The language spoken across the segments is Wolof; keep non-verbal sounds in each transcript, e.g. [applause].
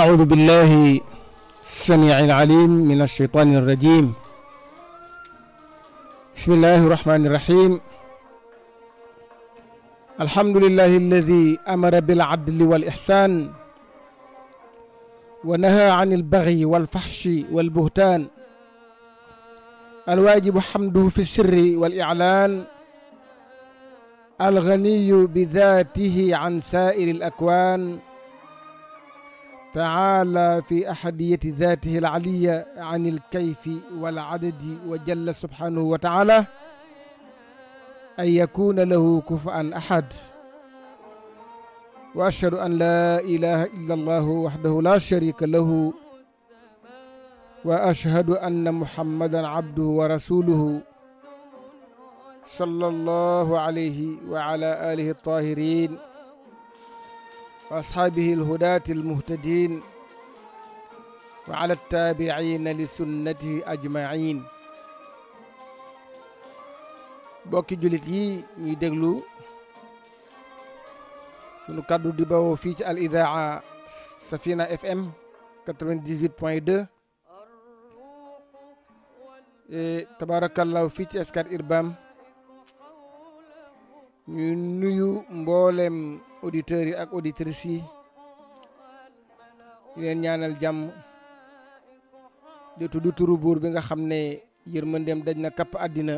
أعوذ بالله السميع العليم من الشيطان الرجيم بسم الله الرحمن الرحيم الحمد لله الذي أمر بالعدل والإحسان ونهى عن البغي والفحش والبهتان الواجب حمده في السر والإعلان الغني بذاته عن سائر الأكوان تعالى في أحدية ذاته العلية عن الكيف والعدد وجل سبحانه وتعالى أن يكون له كفءا أحد وأشهد أن لا إله إلا الله وحده لا شريك له وأشهد أن محمدا عبده ورسوله صلى الله عليه وعلى آله الطاهرين وأصحابه الهداة المهتدين وعلى التابعين لسنته أجمعين بوكي جولتي ني دغلو كادو ديباو في الاذاعه سفينه اف ام 98.2 تبارك الله في اسكار اربام ني نيو مبولم auditeurs yi ak auditrices yi di leen ñaanal jàmm di tudd turu buur bi nga xam ne yërmandeem daj na kapp àddina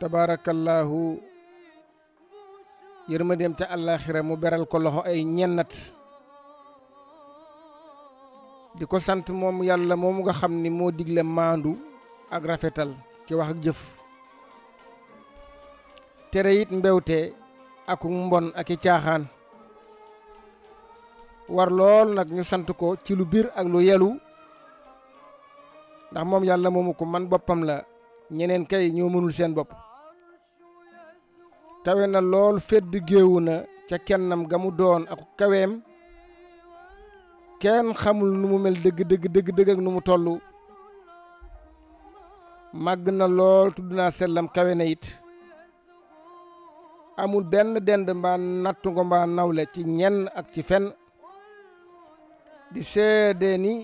tabaarakallaahu yërmandeem ca àllaaxira mu beral ko loxo ay ñennat di ko sant moom yàlla moomu nga xam ni moo digle maandu ak rafetal ci wax ak jëf tere it mbewte akuk mbon aki i caaxaan war lool nag ñu sant ko ci lu biir ak lu yelu ndax moom yàlla moomu ko man boppam la ñeneen kay ñoo mënul seen bopp kawe na lool fedd géewu na ca kennam gamu doon ak kaweem kenn xamul nu mu mel dëgg dëgg dëgg ak nu mu toll màgg na lool tudd naa sellam kawe na it amul benn dend mbaa nattu ngo mbaa nawle ci ñenn ak ci fenn di seede ni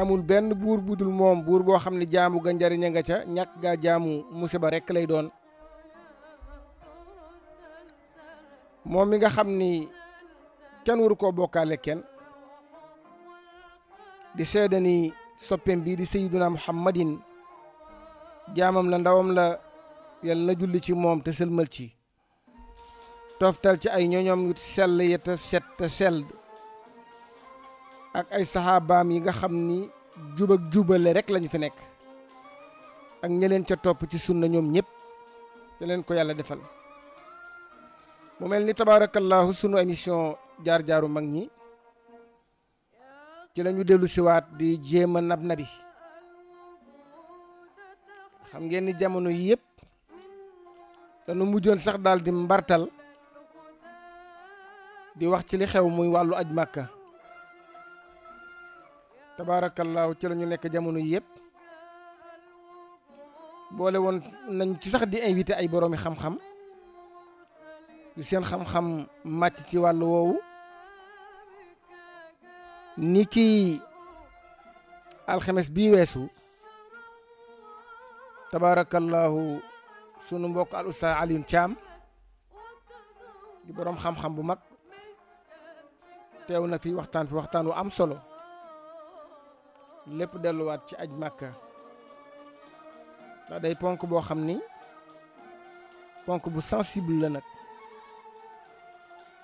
amul benn buur budul moom buur boo xam ne jaamu ga njariña nga ca ñakk gaa jaamu musiba rekk lay doon moom mi nga xam ni kenn waru koo bokkaale kenn di seede ni soppem bii di sayyiduna muhammadin jaamam la ndawam la yàlla na julli ci moom te sëlmal ci toftal ci ay ñoñoom yu sell yi te set te sell ak ay saxaabaam yi nga xam ni jub ak jubale rek lañu fi nekk ak ña ca topp ci sunna ñoom ñëpp te leen ko yàlla defal mu mel ni tabaarakallaahu sunu émission jaar-jaaru mag ñi ci lañu dellu siwaat di jéem a nab nabi xam ngeen ni jamono yëpp dañu mujjoon sax daal di mbartal di wax ci li xew muy wàllu aj màkka tabaarakallaahu ci la ñu nekk jamono yi yëpp boole woon nañ ci sax di invité ay boroomi xam-xam yu seen xam-xam màcc ci wàllu woowu ni ki alxames bii weesu tabaarakallaahu sunu mbokk al ustaas Alioune Thiam di boroom xam-xam bu mag teew na fi waxtaan fi waxtaan wu am solo lépp delluwaat ci aj màkka ndax day ponk boo xam ni ponk bu sensible la nag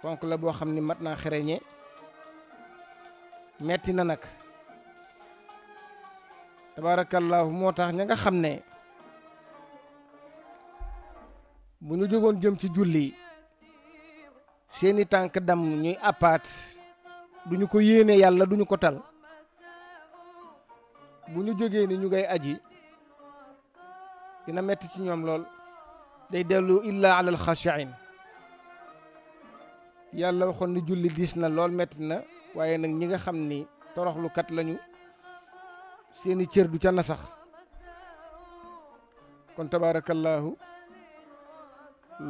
ponk la boo xam ni mat naa xereñe metti na nag tabaarakallaahu moo tax ña nga xam ne bu ñu jógoon jëm ci julli seeni tànk dam ñuy apaat duñu ko yéene yàlla duñu ko tal bu ñu jógee ni ñu ngay aji dina metti ci ñoom lool day dellu illa alal xashain yàlla waxoon ni julli diis na lool metti na waaye nag ñi nga xam ni toroxlukat lañu seeni cër du ca nasax kon tabaarakallaahu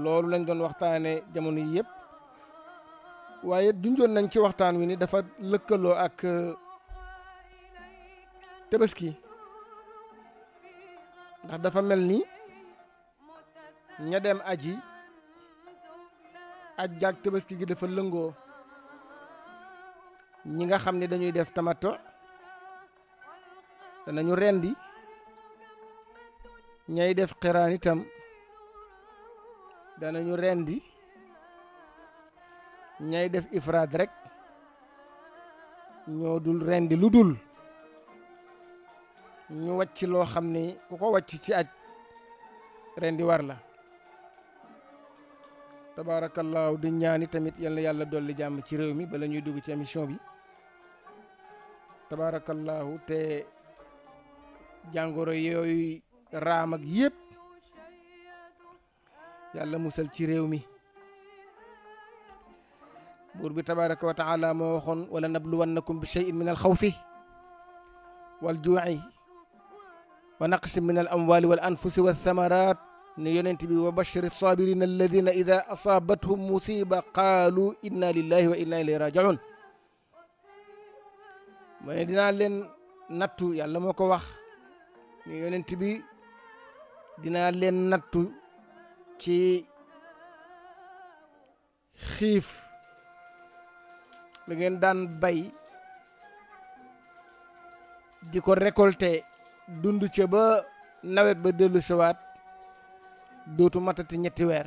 loolu lañ doon waxtaane jamono yi yëpp waaye dunjoon nañ ci waxtaan wi ni dafa lëkkaloo ak euh, tabaski ndax dafa mel ni ña dem aji aj jaag tabaski gi dafa lëngoo ñi nga xam ni dañuy def tamato danañu rendi ñay def xiraan itam danañu di ñay def ifraad rek ñoo dul rendi lu dul ñu wàcc loo xam ni ku ko wàcc ci aj rendi war la tabaarakallaahu di ñaani tamit yal na yàlla dolli jàmm ci réew mi bala ñuy dugg ci émission bi tabaarakallaahu te jàngoro yooyu raam ak yépp yàlla musal ci réew mi بور تبارك وتعالى موخون ولا نبلونكم بشيء من الخوف والجوع ونقص من الاموال والانفس والثمرات نيونتي بي وبشر الصابرين الذين اذا اصابتهم مصيبه قالوا انا لله وانا اليه راجعون من دينا لين ناتو يالا موكو واخ نيونت بي دينا لين ناتو كي خيف lu ngeen daan bay di ko récolter dund ca ba nawet ba dellu siwaat dootu matati ñetti weer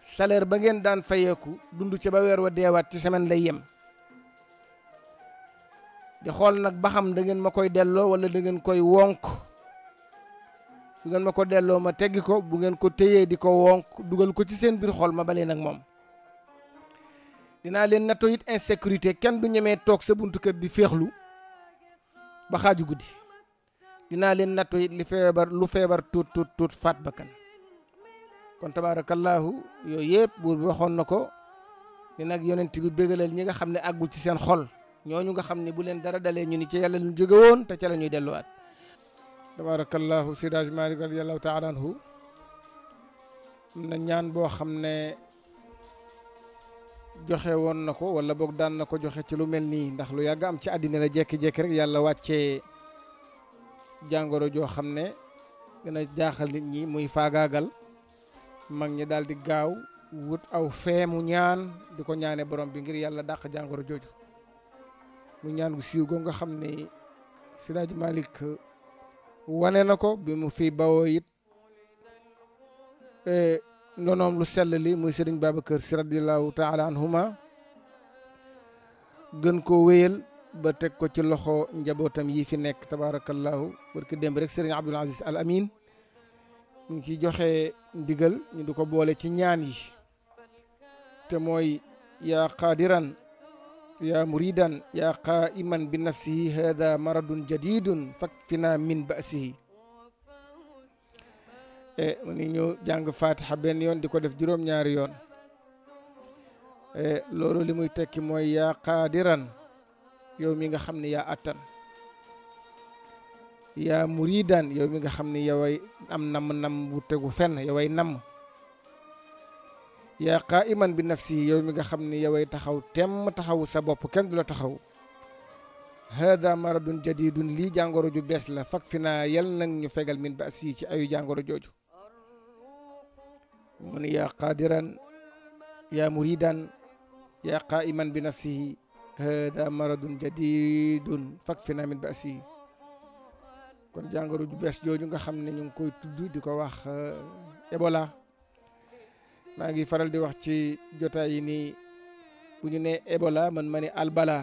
salaire ba ngeen daan fayeeku dund ca ba weer wa deewaat ci semaine lay yem di xool nag ba xam da ngeen ma koy delloo wala da ngeen koy wonk su ngeen ma ko delloo ma teggi ko bu ngeen ko téyee di ko wonk dugal ko ci seen biir xool ma nag moom dinaa leen natto it insécurité kenn du ñemee toog sa buntu kër di féexlu ba xaaju guddi dinaa leen natto it li feebar lu feebar tuut tuut tuut faat bakkan kon tabaarakallaahu yooyu yëpp buur bi waxoon na ko ni nag yonent bi bégalal ñi nga xam ne aggul ci seen xol ñooñu nga xam ne bu leen dara dalee ñu ni ci yàlla lu jóge te ca la ñuy delluwaat tabaarakallaahu sidaaj malik radiallahu taala anhu na ñaan boo xam ne joxe woon na ko wala boog daan na ko joxe ci lu mel nii ndax lu yàgg am ci àddina la jékki-jékki rek yàlla wàcce jàngoro joo xam ne dina jaaxal nit ñi muy faagaagal mag ñi daal di gaaw wut aw feemu ñaan di ko ñaane borom bi ngir yàlla dàq jàngoro jooju mu ñaan gu siiw goo nga xam ne Siraaji Malik wane na ko bi mu fi bawoo ndonoom lu sell li muy sëriñ Babacar si radiallahu taala anhuma gën koo wéyal ba teg ko ci loxo njabootam yi fi nekk tabarakallahu barki demb rek sëriñ Abdul Aziz Al Amin ñu ngi ciy joxe ndigal ñu di ko boole ci ñaan yi te mooy yaa qaadiran yaa muridan yaa qaiman bi nafsihi hada maradun jadidun fakfina min basihi e mu ni ñu jàng fatiha benn yoon di ko def juróom-ñaari yoon eh, loolu li muy tekki mooy yaa qaadiran yow mi nga xam ni yaa attan yaa muridan yow mi nga xam ni yow ay am namm-namm bu tegu fenn yow ay namm yaa qaa'iman bi nafsi yow mi nga xam ni yow ay taxaw temm taxaw sa bopp kenn du la taxaw hada maradun jadidun lii jàngoro ju bees la fak fi naa yal nag ñu fegal min ba si ci ayu jàngoro jooju mu ya yaa qadiran ya muridan ya qaiman bi nafsihi hada maradun jadidun fakfina min ba'si kon jàngoro ju bees jooju nga xam ñu ngi koy tudd di wax eh, Ebola maa ngi faral di wax ci jotaay yi bu ñu Ebola man ma ne albala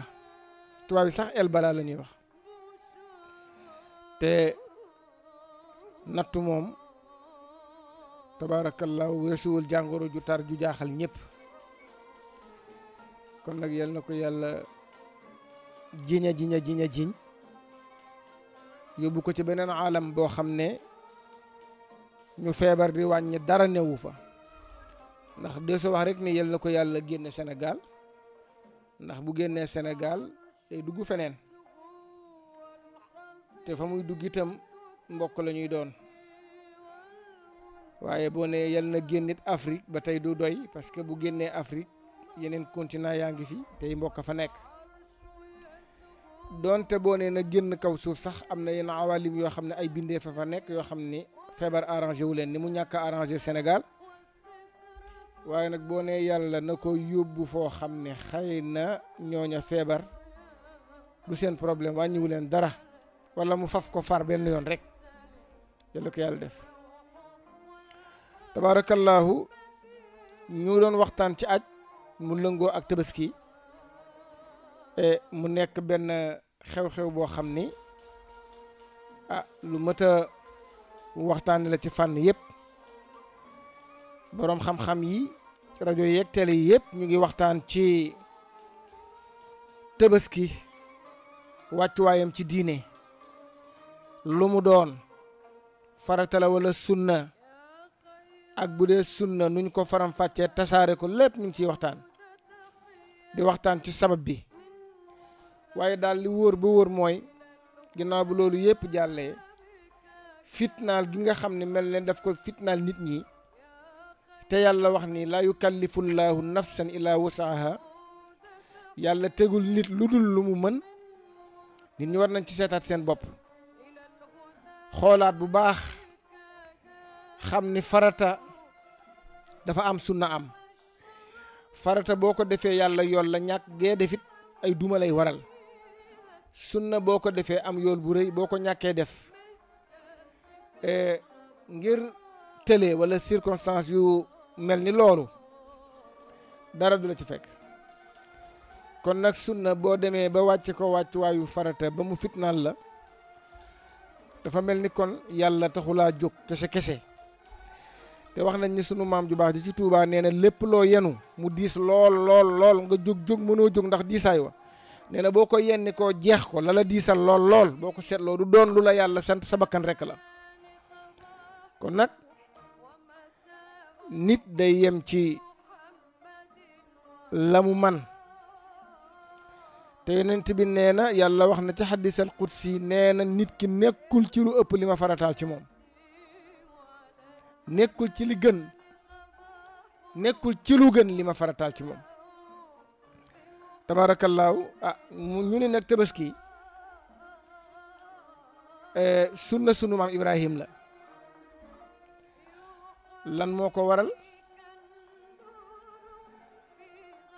tuwa yi sax elbala la wax te nattu tabaarakallaahu weesuwul jàngoro ju tar ju jaaxal ñépp kon nag yal na ko yàlla jiña jiña jiña jiñ yóbbu ko ci beneen aalam boo xam ne ñu feebar di wàññi dara newu fa ndax de su wax rek ni yal na ko yàlla génne senegal ndax bu génnee senegal day dugg feneen te fa muy dugg itam mbokk la ñuy doon waaye boo nee yal na génnit Afrique ba tey du doy parce que bu génnee Afrique yeneen continent yaa ngi fi tey mbokk fa nekk doonte boo ne na génn kaw suuf sax am na yenn awalim yoo xam ne ay bindee fa fa nekk yoo xam ne feebar arrangé wu leen ni mu ñàkk a arrangé Sénégal waaye nag boo nee yàlla na ko yóbbu foo xam ne xëy na ñooña feebar du seen problème wàññiwu leen dara wala mu faf ko far benn yoon rek yàlla ko yàlla def. tabaarakallaahu ñu doon waxtaan ci aj mu lëngoo ak tabaski mu nekk benn xew-xew boo xam ni ah lu mët a waxtaane la ci fànn yëpp boroom xam-xam yi rajo yeeg télé yi yëpp ñu ngi waxtaan ci tabaski wàccuwaayam ci diine lu mu doon farata walla sunna ak bu dee sunna nuñ ko faram fàccee tasaare ko lépp ñu ngi ciy waxtaan di waxtaan ci sabab bi waaye daal li wóor ba wóor mooy ginnaaw bu loolu yépp jàllee fitnaal gi nga xam ni mel ne daf ko fitnaal nit ñi te yàlla wax ni laa yukallifu llaahu nafsan illaa wusaaha yàlla tegul nit lu dul lu mu mën nit ñi war nañ ci seetaat seen bopp xoolaat bu baax xam ni farata dafa am sunna am farata boo ko defee yàlla yool la ñàkk gee defit ay duma lay waral sunna boo ko defee am yool bu rëy boo ko ñàkkee def e, ngir télé wala circonstance yu mel ni loolu dara du la ci fekk kon nag sunna boo demee ba wàcce ko wàcc waayu farata ba mu fit fitnaal la dafa mel ni kon yàlla laa jóg kese kese te wax nañ ni sunu maam ju baax ji ci tuubaa nee na lépp loo yenu mu diis lool lool lool nga jóg jóg mënoo jóg ndax diisaay wa nee na boo ko yenni koo jeex ko lala la diisal lool lool boo ko seetloo du doon lu la yàlla sant sa bakkan la kon nag nit day yem ci la mu man te yonent bi nee na yàlla wax na ci xadisal qudsi nee na nit ki nekkul ci lu ëpp li ma farataal ci moom nekkul ci li gën nekkul ci lu gën li ma farataal ci moom tabaarakallaahu ah ñu ne nag tabaski eh, sunna sunu maam Ibrahim la lan moo ko waral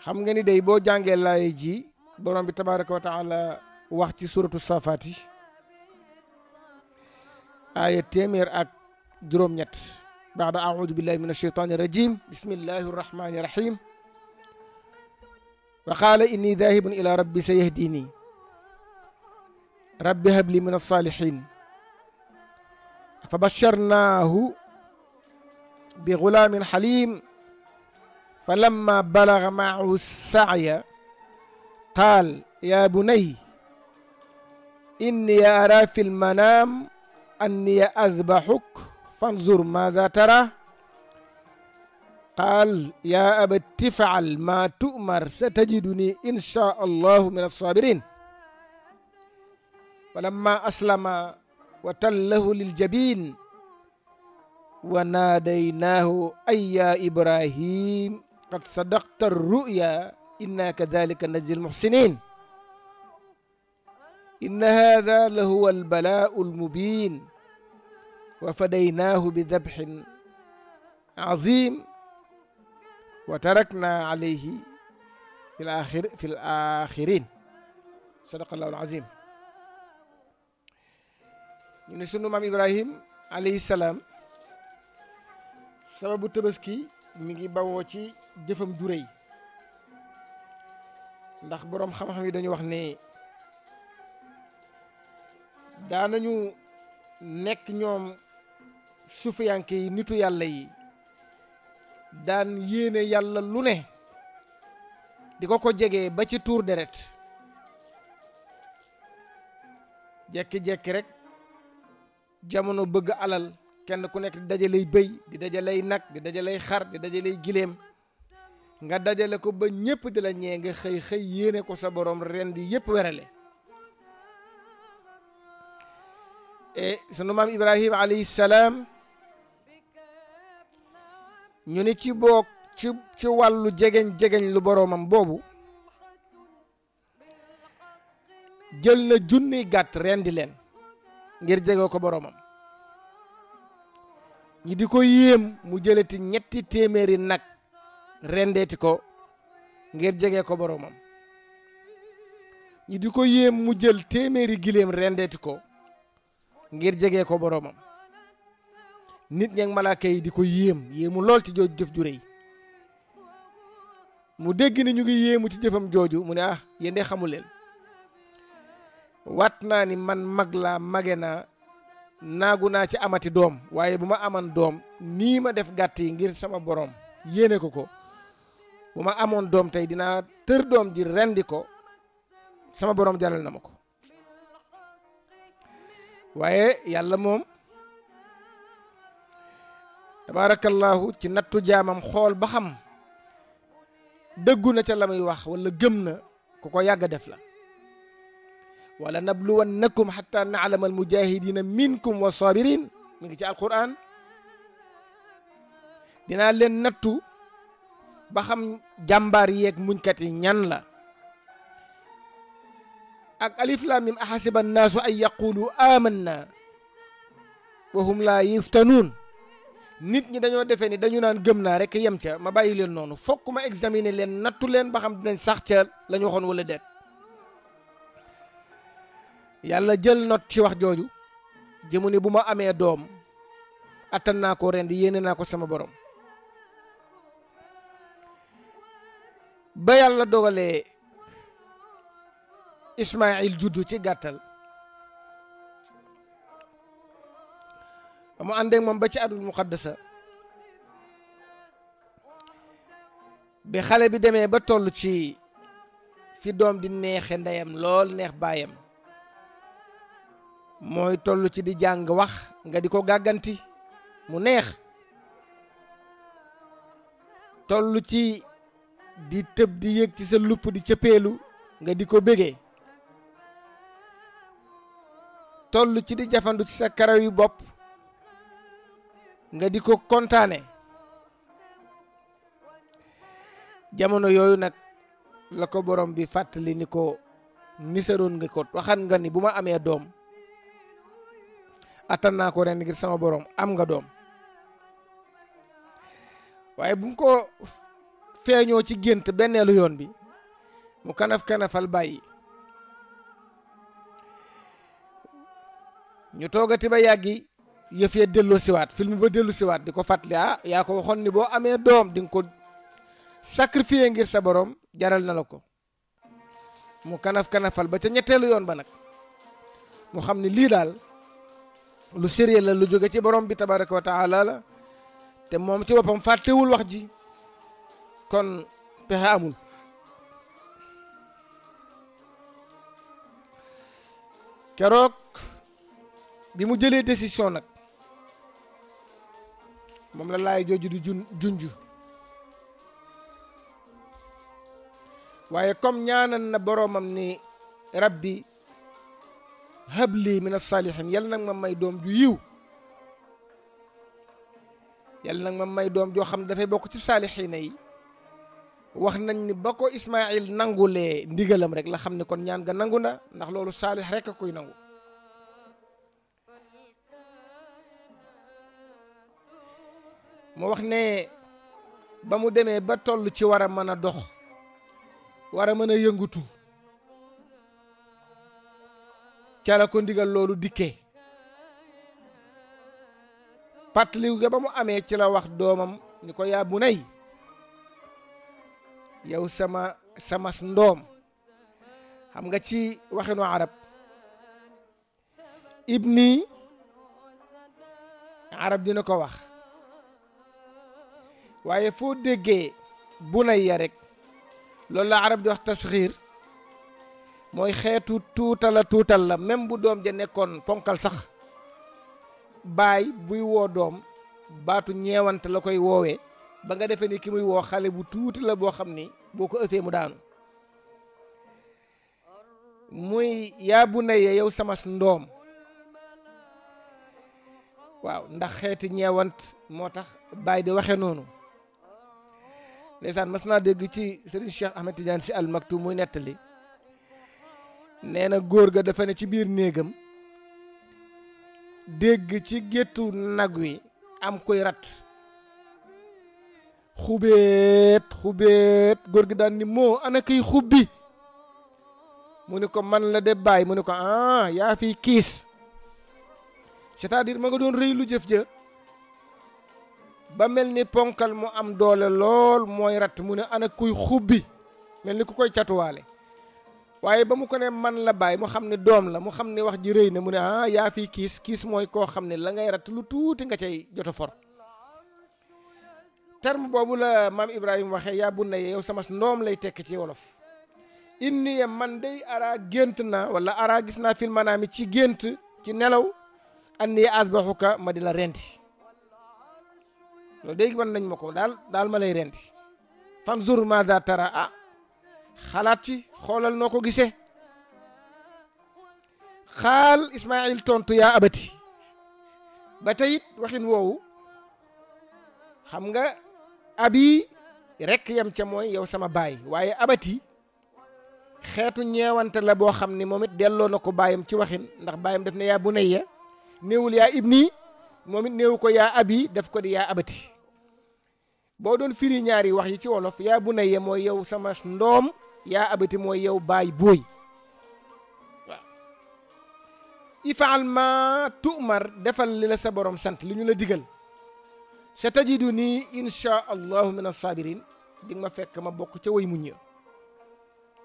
xam nga ni day boo jàngee laay ji borom bi tabaaraka wa wax ci suratu safaati aaya téeméer ak juróom-ñett بعد أعوذ بالله من الشيطان الرجيم بسم الله الرحمن الرحيم وقال إني ذاهب إلى ربي سيهديني ربي هب لي من الصالحين فبشرناه بغلام حليم فلما بلغ معه السعي قال يا بني إني أرى في المنام أني أذبحك فانظر ماذا ترى قال يا أبت تفعل ما تؤمر ستجدني إن شاء الله من الصابرين فلما أسلم وتله للجبين وناديناه أي يا إبراهيم قد صدقت الرؤيا إنا كذلك نجزي المحسنين إن هذا لهو البلاء المبين وفديناه بذبح عظيم وتركنا عليه في الآخر في الآخرين صدق الله العظيم من سونو مام ابراهيم عليه السلام سبب تبسكي ميغي باوو سي جيفم دوري ndax borom xam xam yi dañu wax ni daanañu sufiyanke yi nitu yàlla yi daan yéene yàlla lu ne di ko ko jegee ba ci tuur deret jekki-jekki rek jamono bëgg alal kenn ku nekk di dajalay bëy di dajalay nag di dajalay xar di dajalay giléem nga dajale ko ba ñépp di la ñee nga xëy xëy yéene ko sa borom ren di yépp werale e eh, sunu maam Ibrahima alayhi ñu ni ci boog ci ci wàllu jegeñ jegeñ lu boroomam boobu jël na junniy gàtt rendi leen ngir jege ko boromam ñi di ko yéem mu jëlati ñetti téeméeri nag rendeeti ko ngir jege ko boroomam ñi di ko yéem mu jël téeméeri giléem rendeeti ko ngir jege ko boroomam nit ñeeg malaaka yi di ko yéem yéemu lool ci jooju jëf ju rëy mu dégg ni ñu ngi yéemu ci jëfam jooju mu ne ah yéen de xamul leen waat naa ni man mag laa mage naa naagu naa ci amati doom waaye bu ma aman doom nii ma def gàtt yi ngir sama borom yéene ko ko bu ma amoon doom tey dinaa tër doom ji rendi ko sama borom jaral na ma ko waaye yàlla moom tabaarakallaahu ci nattu jaamam xool ba xam dëggu na ca la muy wax wala gëm na ku ko yàgg def la wala nabluwannakum xatta naalama almujahidina minkum wa sabirin mi ngi ci alquran dinaa leen nattu ba xam jàmbaar yeeg muñkat yi ñan la ak alif laam mim axasiba annaasu an yaqulu amanna wa hum laa yuftanuun nit ñi dañoo defee ni dañu naan gëm naa rek yem ca ma bàyyi leen noonu fokk ma examiner leen nattu leen ba xam dinañ sax ca la ñu waxoon wala déet yàlla jël not ci wax jooju jëmu ni bu ma amee doom attan naa ko ren di naa ko sama borom ba yàlla dogalee Ismaayil juddu ci gàttal ba mu àndeek moom ba ci adul muqaddasa bi xale bi demee ba toll ci ci doom di neexe ndeyam lool neex baayam mooy tollu ci di jàng wax nga di ko gàgganti mu neex toll ci di tëb di yëg ci sa lupp di cëppeelu nga di ko bégee toll ci di jafandu ci sa karaw yu bopp nga di ko kontaane jamono yooyu nag la ko borom bi fàttali ni ko nisaroon nga ko waxan nga ni bu ma amee doom attan naa ko ren ngir sama borom am nga doom waaye bu ko feeñoo ci gént benneelu yoon bi mu kanaf-kanafal bàyyi ñu toogati ba yàggi yëf yee dellu siwaat film ba dellu siwaat di ko fàttali ah yaa ko waxoon ni boo amee doom di nga ko sacrifier ngir sa borom jaral na la ko mu kanaf-kanafal ba ca ñetteelu yoon ba nag mu xam ni lii daal lu sérieux la lu jóge ci boroom bi tabaraka wa taala la te moom ci boppam fàttewul wax ji kon pexe amul keroog bi mu jëlee décision nag moom la laay jooju di jun ju waaye comme ñaanal na boroomam ni rabbi habli min asalihin yal nag ma may doom ju yiw yal nag ma may doom joo xam ne dafay bokk ci saalixiina yi wax nañ ni ba ko Ismaayil nangulee ndigalam rek la xam ne kon ñaan ga nangu na ndax loolu saalix rek a koy nangu mu wax ne ba mu demee ba toll ci war a mën a dox war a mën a yëngutu ca la ko ndigal loolu dikkee pàttaliw ga ba mu amee ci la wax doomam ni ko yaa bu nay yow sama samas ndoom xam nga ci waxinu arab ibni arab dina ko wax waaye foo déggee bunayya rek loolu la arab di wax tasxiir mooy xeetu tuutala tuutal la même bu doom ja nekkoon ponkal sax baay buy woo doom baatu ñeewante la koy woowee ba nga defee ni ki muy woo xale bu tuuti la boo xam ni boo ko ësee mu daanu muy yaa bunayya yow sama ndoom waaw ndax xeeti ñeewant moo tax baay di waxe noonu ndeysaan mas naa dégg ci Serigne Cheikh Ahmed Tidiane si al muy nettali nee na góor ga dafa ne ci biir néegam dégg ci géttu nag wi am koy rat xubeet xubeet góor gi daan ni moo ana kiy xubbi mu ni ko man la de bàyyi mu ni ko ah yaa fiy kiis cest ma nga doon rëy lu jëf ja ba mel ni ponkal mu am doole lool mooy rat mu ne ana kuy xubbi mel ni ku koy catuwaale waaye ba mu ko ne man la bàyyi mu xam ne doom la mu xam ne wax ji rëy na mu ne ah yaa fii kiis kiis mooy koo xam ne la ngay rat lu tuuti nga cay jota for terme boobu la maam Ibrahima waxee yaa bu na yow sama ndoom lay tekk ci wolof inni ye man day araa gént naa wala araa gis naa fil maanaam ci gént ci nelaw anniye asbaxuka ma di la renti loolu léegi wan nañ ma ko daal daal ma lay rendi fanzur maada tara ah xalaat ci xoolal noo ko gisee xaal Ismaayil tontu yaa abati ba tey it waxin woowu xam nga abi rekk yam ca mooy yow sama baay waaye abati xeetu ñeewante la boo xam ni moom it delloo na ko baayam ci waxin ndax baayam def ne yaa bunayya néewul yaa ibni moom it néewu ko yaa abi def ko di yaa abati boo doon firi ñaari wax yi ci wolof yaa bu na ye mooy yow sama ndoom yaa abati mooy yow baay booy waaw ifaal ma tu'mar defal li sa borom sant li ñu la digal sa tajidu nii insha allahu min assabirin di nga ma fekk ma bokk ca way muñ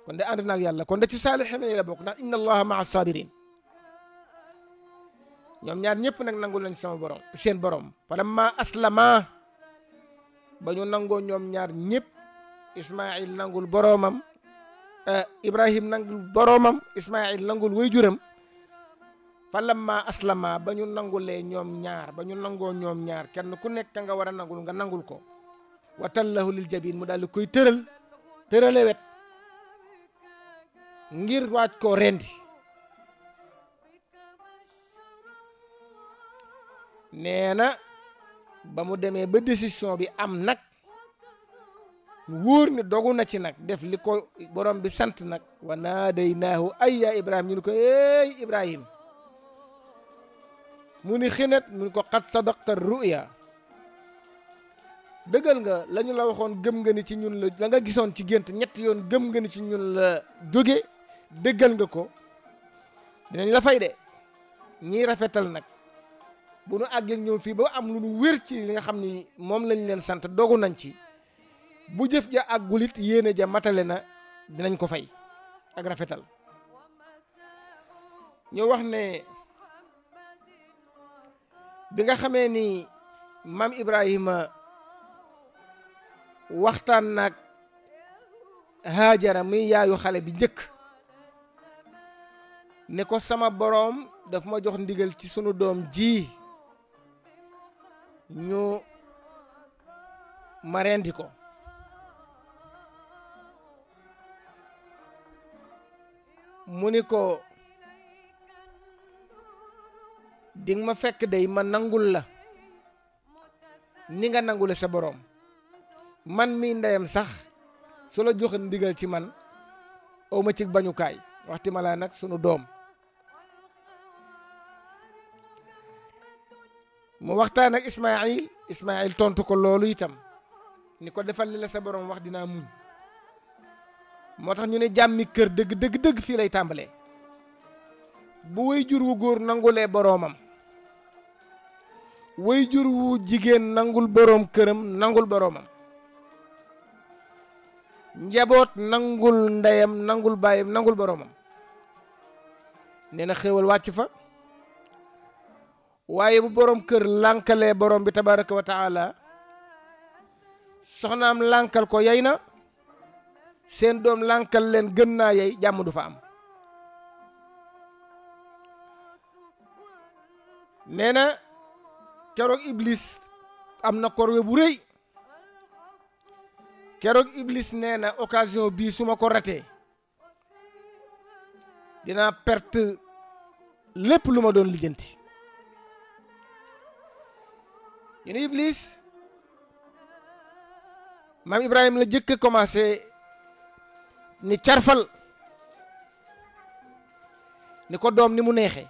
kon da ànd naag yàlla kon de ci saalixiin la bokk ndax inna allaha maa sabirin ñoom ñaar ñëpp nag nangu lañ sama borom seen borom falamma aslama ba ñu nangoo ñoom ñaar ñëpp Ismaayil nangul boroomam eh, Ibrahim nangul boroomam Ismaayil nangul wayjuram fa lamma aslama ba ñu nangulee ñoom ñaar bañu nangoo ñoom ñaar kenn ku nekk ka nga war a nangul nga nangul ko wa tallahu lil jabin mu daal di koy tëral tërale wet ngir waaj koo rendi nee ba mu demee ba décision bi am nag mu wóor ni dogu na ci nag def li ko borom bi sant nag wa naadaynaahu ay yaa ibrahim ñu ni ko éy ibrahim mu ni xinet mu ni ko xat sadaqta ruya dëggal nga la ñu la waxoon gëm nga ni ci ñun la la nga gisoon ci gént ñetti yoon gëm nga ni ci ñun la jóge dëggal nga ko dinañ la fay de ñiy rafetal nag bu nu àggeeg ñoom fii ba am lu nu wér ci li nga xam ni moom lañ leen sant dogu nañ ci bu jëf ja ak it yéene ja matale na dinañ ko fay ak rafetal ñu wax ne bi nga xamee ni maam Ibrahima waxtaan nag Haajara muy yaayu xale bi njëkk ne ko sama borom daf ma jox ndigal ci sunu doom ji ñu ma rendi ko mu ni ko di ma fekk dey ma nangul la ni nga nangule sa boroom man mi ndeyam sax su la joxe ndigal ci man aw ma bañukaay waxti ma laa nag sunu doom mu waxtaan ak Ismaayil Ismaayil tontu ko loolu itam ni ko defal li la sa borom wax dinaa muñ moo tax ñu ne jàmmi kër dëgg dëgg dëgg fii lay tàmbalee bu way jur wu góor nangulee boroomam way jur wu jigéen nangul boroom këram nangul boroomam njaboot nangul ndeyam nangul baayam nangul boroomam nee na xéewal wàcc fa waaye bu borom kër lànkalee borom bi tabaraka wa taala soxnaam lànkal ko yay na seen doom lankal leen gën naa yey jàmm du fa am nee na keroog iblis am na korwe bu rëy keroog iblis nee na occasion bii su ma ko ratee dinaa perte lépp lu ma doon lijjanti ñu ne Iblis maam Ibrahima la jëkk a commencé ni carfal ni ko doom ni mu neexee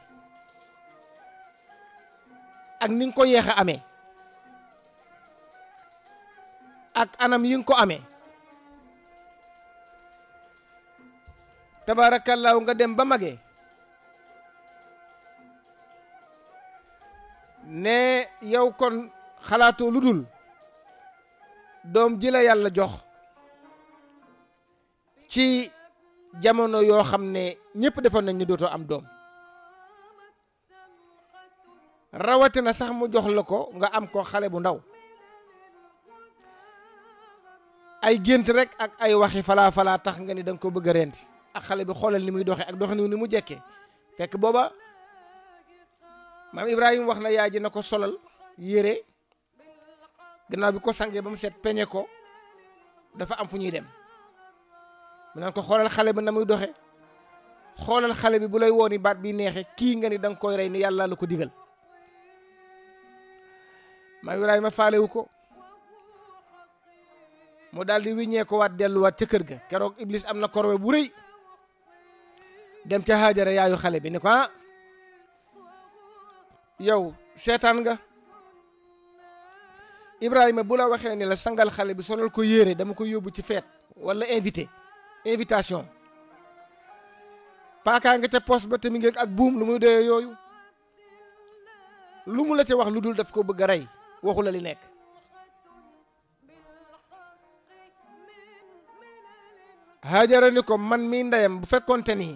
ak ni ko yeex a amee ak anam yi nga ko amee tabaarakallaahu nga dem ba magee ne yow kon xalaatoo lu dul doom ji la yàlla jox ci jamono yoo xam ne ñëpp defoon nañ ñu dootoo am doom rawatina sax mu jox la ko nga am ko xale bu ndaw ay gént rek ak ay waxi falaa falaa tax nga ni da nga ko bëgg a rendi ak xale bi xoolal ni muy doxe ak doxin ni mu jekkee fekk booba maam Ibrahima wax na yaay ji na ko solal yére gannaaw bi ko sangee ba mu set peñe ko dafa am fu ñuy dem mu naan ko xoolal xale bi na muy doxe xoolal xale bi bu lay wooni baat bi neexee kii nga ni da nga koy rey ni yàlla la ko digal maam Ibrahima faalewu ko mu daal di wiññee ko waat delluwaat ca kër ga keroog Iblis am na korwe bu rëy dem ca Haajara yaayu xale bi ni ko ah yow seetaan nga Ibrahima bu la waxee ni la sangal xale bi solal ko yére dama ko yóbbu ci feet wala invité invitation paakaa nga te poos ba te mi ngi ak buum lu muy doyee yooyu lu mu la ci wax lu dul daf ko bëgg a rey waxu la li nekk Haajara ni ko man mii ndeyam bu fekkonte nii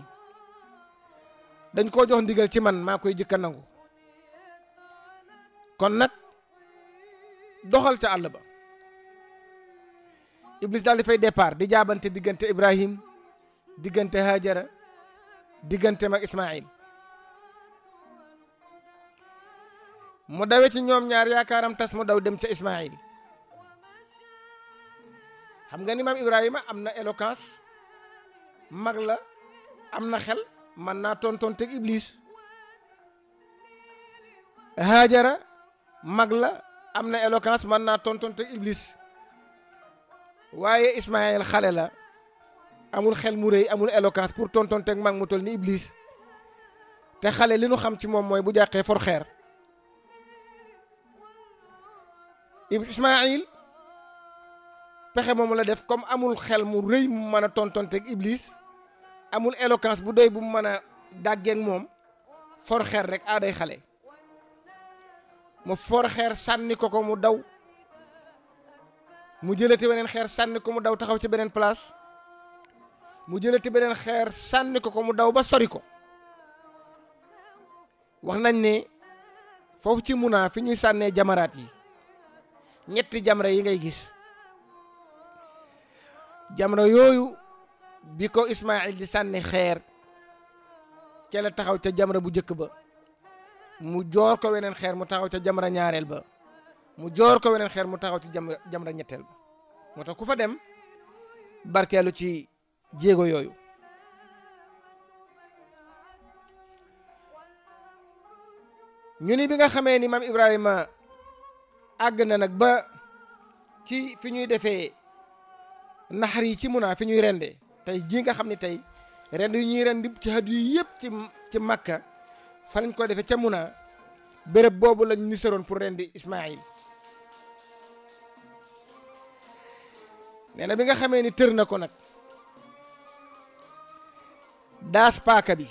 dañ koo jox ndigal ci man maa koy jëkka nangu kon nag doxal ca àll ba iblis daal di fay départ di jaabante diggante ibrahim diggante hajara diggante mag ismail mu dawe ci ñoom ñaar yaakaaram tas mu daw dem ca ismail xam nga ni maam ibrahima am na éloquence mag la am na xel mën naa tontonteeg iblis hajara mag la amna na éloquence mën naa tontonte iblis waye Ismaël xale la amul xel mu reuy amul éloquence pour tontonte ak mag mu toll ni iblis te xale li nu xam ci mom moy bu jaxé for xër Ismaël pexe mom la def comme amul xel mu reuy mu meuna a tontonte iblis amul éloquence bu doy bu meuna daggé ak mom for xër rek a day xale mu for xeer sànni ko ko mu daw mu jëlati weneen xeer sànni ko mu daw taxaw ci beneen place mu jëlati beneen xeer sànni ko ko mu daw ba sori ko wax nañ ne foofu ci munaa fi ñuy sànnee jamaraat yi ñetti jamra yi ngay gis jamra yooyu bi ko Ismaayil di sànni xeer ca la taxaw ca jamra bu jëkk ba mu joor ko weneen xeer mu taxaw ca jamra ñaareel ba mu joor ko weneen xeer mu taxaw ci jam jamra ñetteel ba moo tax ku fa dem barkeelu ci jéego yooyu ñu ni bi nga xamee ni maam Ibrahima àgg na nag ba ci fi ñuy defee naxar yi ci munaa fi ñuy rende tey jii nga xam ne tey rend yu ñuy rendi ci xat yu yëpp ci ci Makka fa lañ ko defee ca Muna béréb boobu lañ ñu soroon pour rendi Ismaïl nee na bi nga xamee ni tër na ko nag daas paaka bi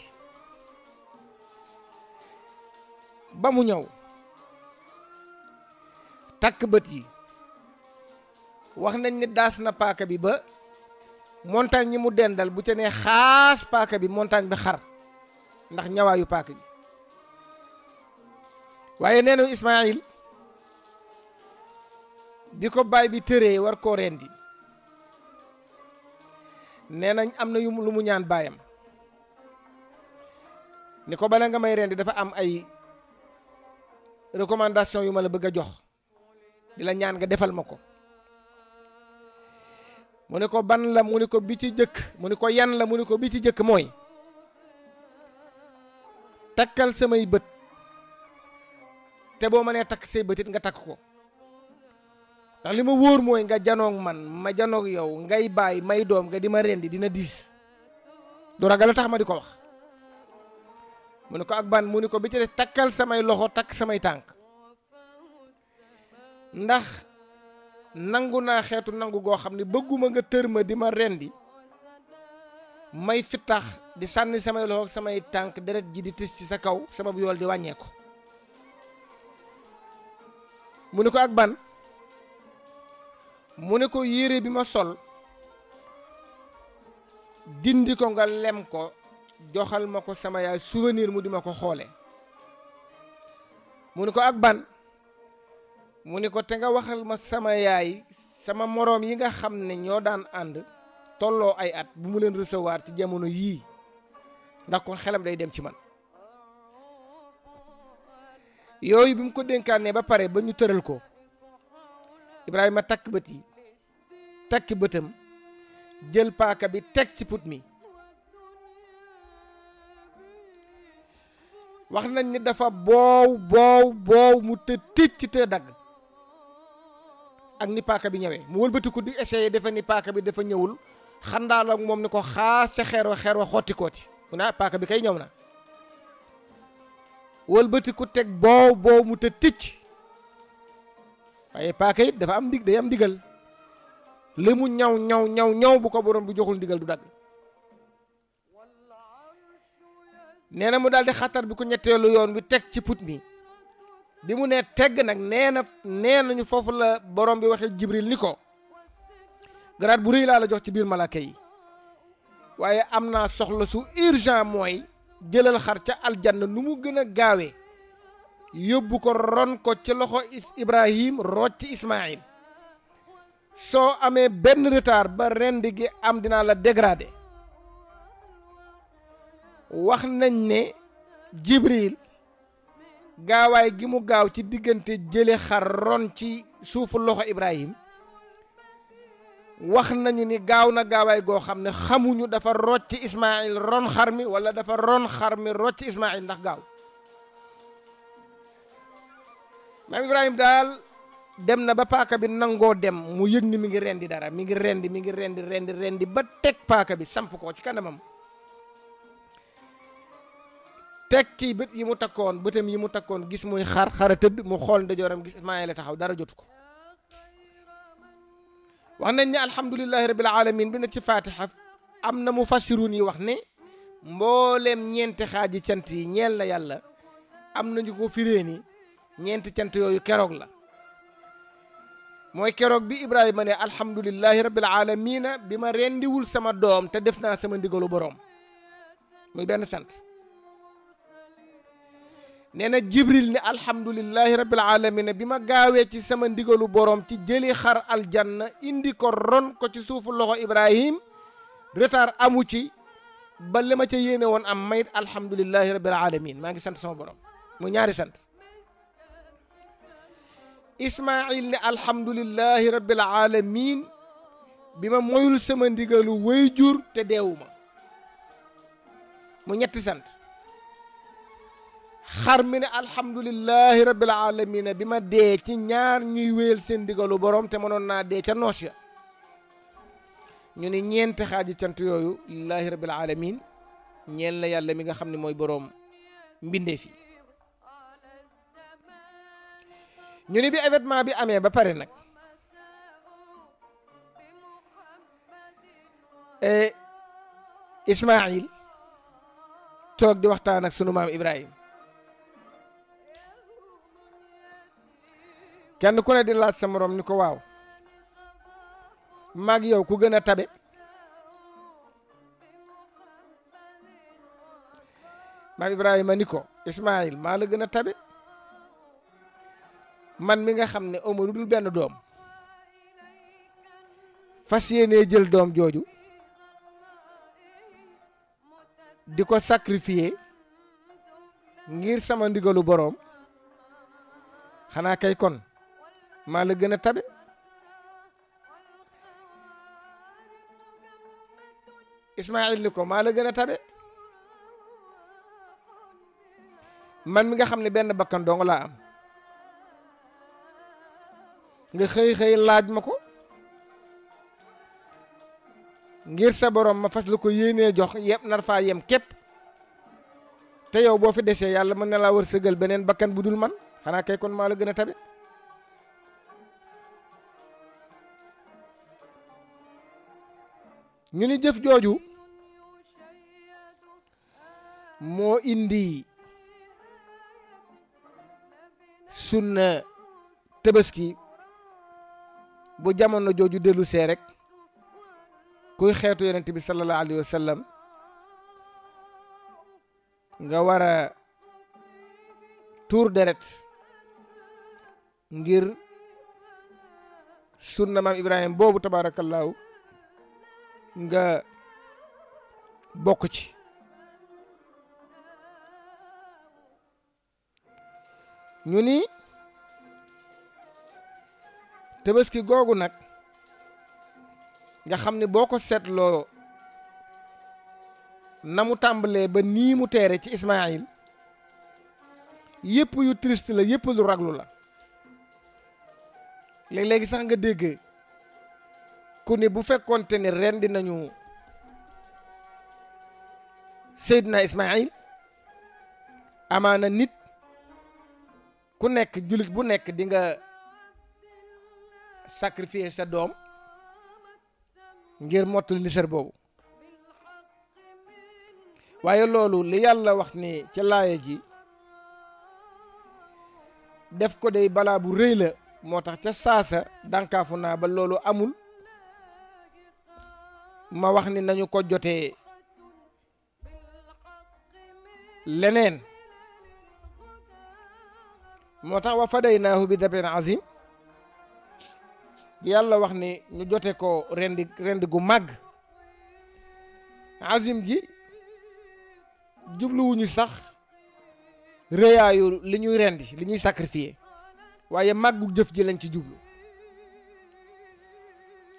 ba mu ñëw takk bët yi wax nañ ni daas na paaka bi ba montagne yi mu dendal bu ca nee xaas paaka bi montagne bi xar ndax ñawaayu paaka bi waaye nee na Ismaayil bi ko baay bi tëree war koo rendi nee nañ am na yu lu mu ñaan baayam ni ko bala nga may rendi dafa am ay recommandation yu ma la bëgg a jox di la ñaan nga defal ma ko mu ne ko ban la mu ne ko bi ci jëkk mu ne ko yan la mu ne ko bi ci jëkk mooy takkal samay bët te bo mané tak sey beutit nga tak ko ndax li ma moy nga janok man ma janok yow ngay bay may dom nga dima rendi dina dis do ragal tax ma di wax muniko ak ban muniko bi ci takal samay loxo tak samay tank ndax nanguna xetu nangu go xamni beuguma nga teurma dima rendi may fitax di sanni samay loxo samay tank deret ji di tis ci sa kaw sama yol di ko mu ne ko ak ban mu ne ko yére bi ma sol dindi ko nga lem ko joxal ma ko sama yaay souvenir mu di ma ko xoole mu ne ko ak ban mu ne ko te nga waxal ma sama yaay sama moroom yi nga xam ne ñoo daan ànd tolloo ay at bu mu leen recevoir ci jamono yii ndax kon xelam day dem ci man yooyu bi mu ko dénkaanee ba pare ba ñu tëral ko Ibrahima takk bët yi takk bëtam jël paaka bi teg ci put mi wax nañ ni dafa boow boow boow mu te tiit te dagg ak ni paaka bi ñëwee mu wëlbatiku di essayé dafa ni paaka bi dafa ñëwul xandaal ak moom ni ko xaas ca xeer wa xeer wa xotti kooti mu ne ah, paaka bi kay ñëw na wëlbati ku teg boow boow mu te ticc waaye paaka it dafa am ndig day am ndigal li mu ñaw ñaw ñaw ñaw bu ko borom bu joxul ndigal du dagg nee na mu daal di xatar bi ko ñetteelu yoon wi teg ci put mi di mu nee tegg nag nee na nee nañu foofu la borom bi waxee jibril ni ko garaat bu rëy laa la jox ci biir malaaka yi waaye am naa soxla su urgent mooy jëlal xar ca aljanna nu mu gën a gaawee yóbbu ko ron ko ci loxo Ibrahim roc ci Ismaïl soo amee benn retard ba rend am dinaa la dégradé wax nañ ne Jibril gaawaay gi mu gaaw ci diggante jële xar ron ci suufu loxo Ibrahim wax nañu ni gaaw na gaawaay goo xam ne xamuñu dafa rocc Ismaïl ron xar mi wala dafa ron xar mi rocc Ismaïl ndax gaaw maam Ibrahima daal dem na ba paaka bi nangoo dem mu yëg ni mu ngi rendi dara mi ngi rendi mi ngi rendi rendi rendi ba teg paaka bi samp ko ci kanamam tekki bët yi mu takkoon bëtam yi mu takkoon gis muy xar xara tëdd mu xool ndeyjooram gis Ismaïla taxaw dara jotu ko wax nañ ne alhamdulillahi rabbil alamin bi na ci fatiha am na mu fassirun yi wax ne mbooleem ñeenti xaaji cant yi ñeel na yàlla am nañu ko firee ni ñeenti cant yooyu keroog la mooy keroog bi ibrahima ne alhamdulillahi rabbil alamina bi ma rendiwul sama doom te def naa sama ndigalu boroom muy benn sant nee na jibril ni alhamdulillahi rabbil alamina bi ma gaawee ci sama ndigalu borom ci jëli xar aljanna indi ko ron ko ci suufu loxo ibrahim retard amu ci ba li ma ca yéene woon am mayit alhamdulillahi rabbil alamin maa ngi sant sama borom mu ñaari sant ismail ne alhamdulillahi rabbil alamin bi ma moyul sama ndigalu wayjur te deewuma mu ñetti sant xar mi ne alhamdulilahi rabbil alamina bi ma dee ci ñaar ñuy wéel seen digalu borom te mënoon naa dee ca noos ya ñu ni ñeenti xaaji cant yooyu lillahi rabbil alamin ñeel la yàlla mi nga xam ni mooy boroom mbindeef fi ñu ne bi événement bi amee ba pare nag eh, Ismaayil toog di waxtaan ak sunu maam Ibrahima kenn ku ne di laaj sa moroom ni ko waaw maag yow ku gën a tabe maam Ibrahima ni ko Ismaayil maa la gën a tabe man mi nga xam ne awma dul benn doom fas yéenee jël doom jooju di ko sacrifier ngir sama ndigalu boroom xanaa kay kon maa la gën a tabe Ismaayil ni ko maa la gën a tabe man mi nga xam ne benn bakkan dong laa am nga xëy xëy laaj ma ko ngir sa borom ma fas la ko yéenee jox yëpp nar faa yem képp te yow boo fi desee yàlla mën na laa wërsëgal beneen bakkan bu dul man xanaa kay kon maa la gën a tabe ñu ni jëf jooju moo indi sunna tëbaski bu jamono jooju dellusee rek kuy xeetu yonent bi sallallahu alayhi wa nga war a tuur deret ngir sunna maam Ibrahima boobu tabaarakallaahu nga bokk ci ñu ni tabaski googu nag nga xam ne boo ko seetloo na mu tàmbalee ba nii mu teere ci Ismaayil yëpp yu triste la yëpp lu raglu la léeg-léegi sax nga dégg ku ne bu fekkoonte ni ne rendi nañu Seydina Ismaïl amaana nit ku nekk jullit bu nekk di nga sacrifier sa doom ngir mottali nisar boobu waaye loolu li yàlla wax ni ca laaya ji def ko dey balaa bu rëy la moo tax ca saasa dànkaafu naa ba loolu amul ma wax ni nañu ko jotee leneen moo tax wa fadaynaahu bi dabin azim yàlla wax ni ñu jote ko rendi rendi gu màgg azim ji jubluwuñu sax rëyaayu li ñuy rendi li ñuy sacrifier waaye màggu jëf ji lañ ci jublu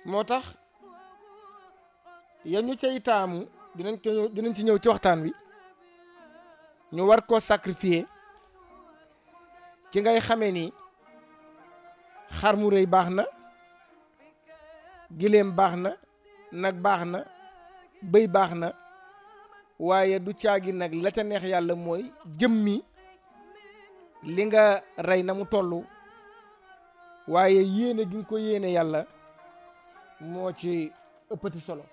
moo tax ya ñu cay taamu dinañ ko ci ñëw ci waxtaan wi ñu war ko sacrifier ci ngay xamee ni xar mu rëy baax na giléem baax na nag baax na bëy baax na waaye du caagi nag la ca neex yàlla mooy jëmmi li nga rey na mu toll waaye yéene gi nga ko yéene yàlla moo ci ëppati solo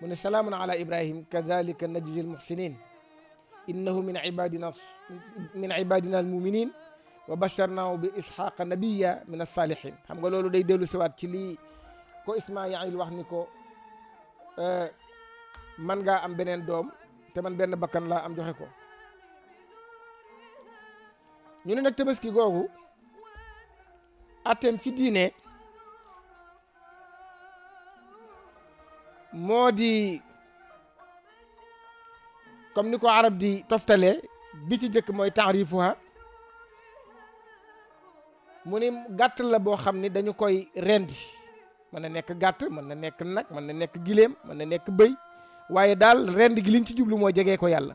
mu ne salaamun ala ibrahim kadalika najzi almuxsinin innahu min ibadina min ay almuminin wa basharnaahu bi isxaqa nabiya min alsalihin xam nga loolu day dellu siwaat ci lii ko ismail wax ni ko euh, man ngaa am beneen doom te man benn bakkan laa am joxe ko ñu ne nag tabaski googu atteem ci diine moo di comme ni ko arab di toftalee bi ci njëkk mooy taarifuha mu ni gàtt la boo xam ni dañu koy rendi mën na nekk gàtt mën na nekk nag mën na nekk giléem mën na nekk bëy waaye daal rend gi liñ ci jublu mooy jegee ko yàlla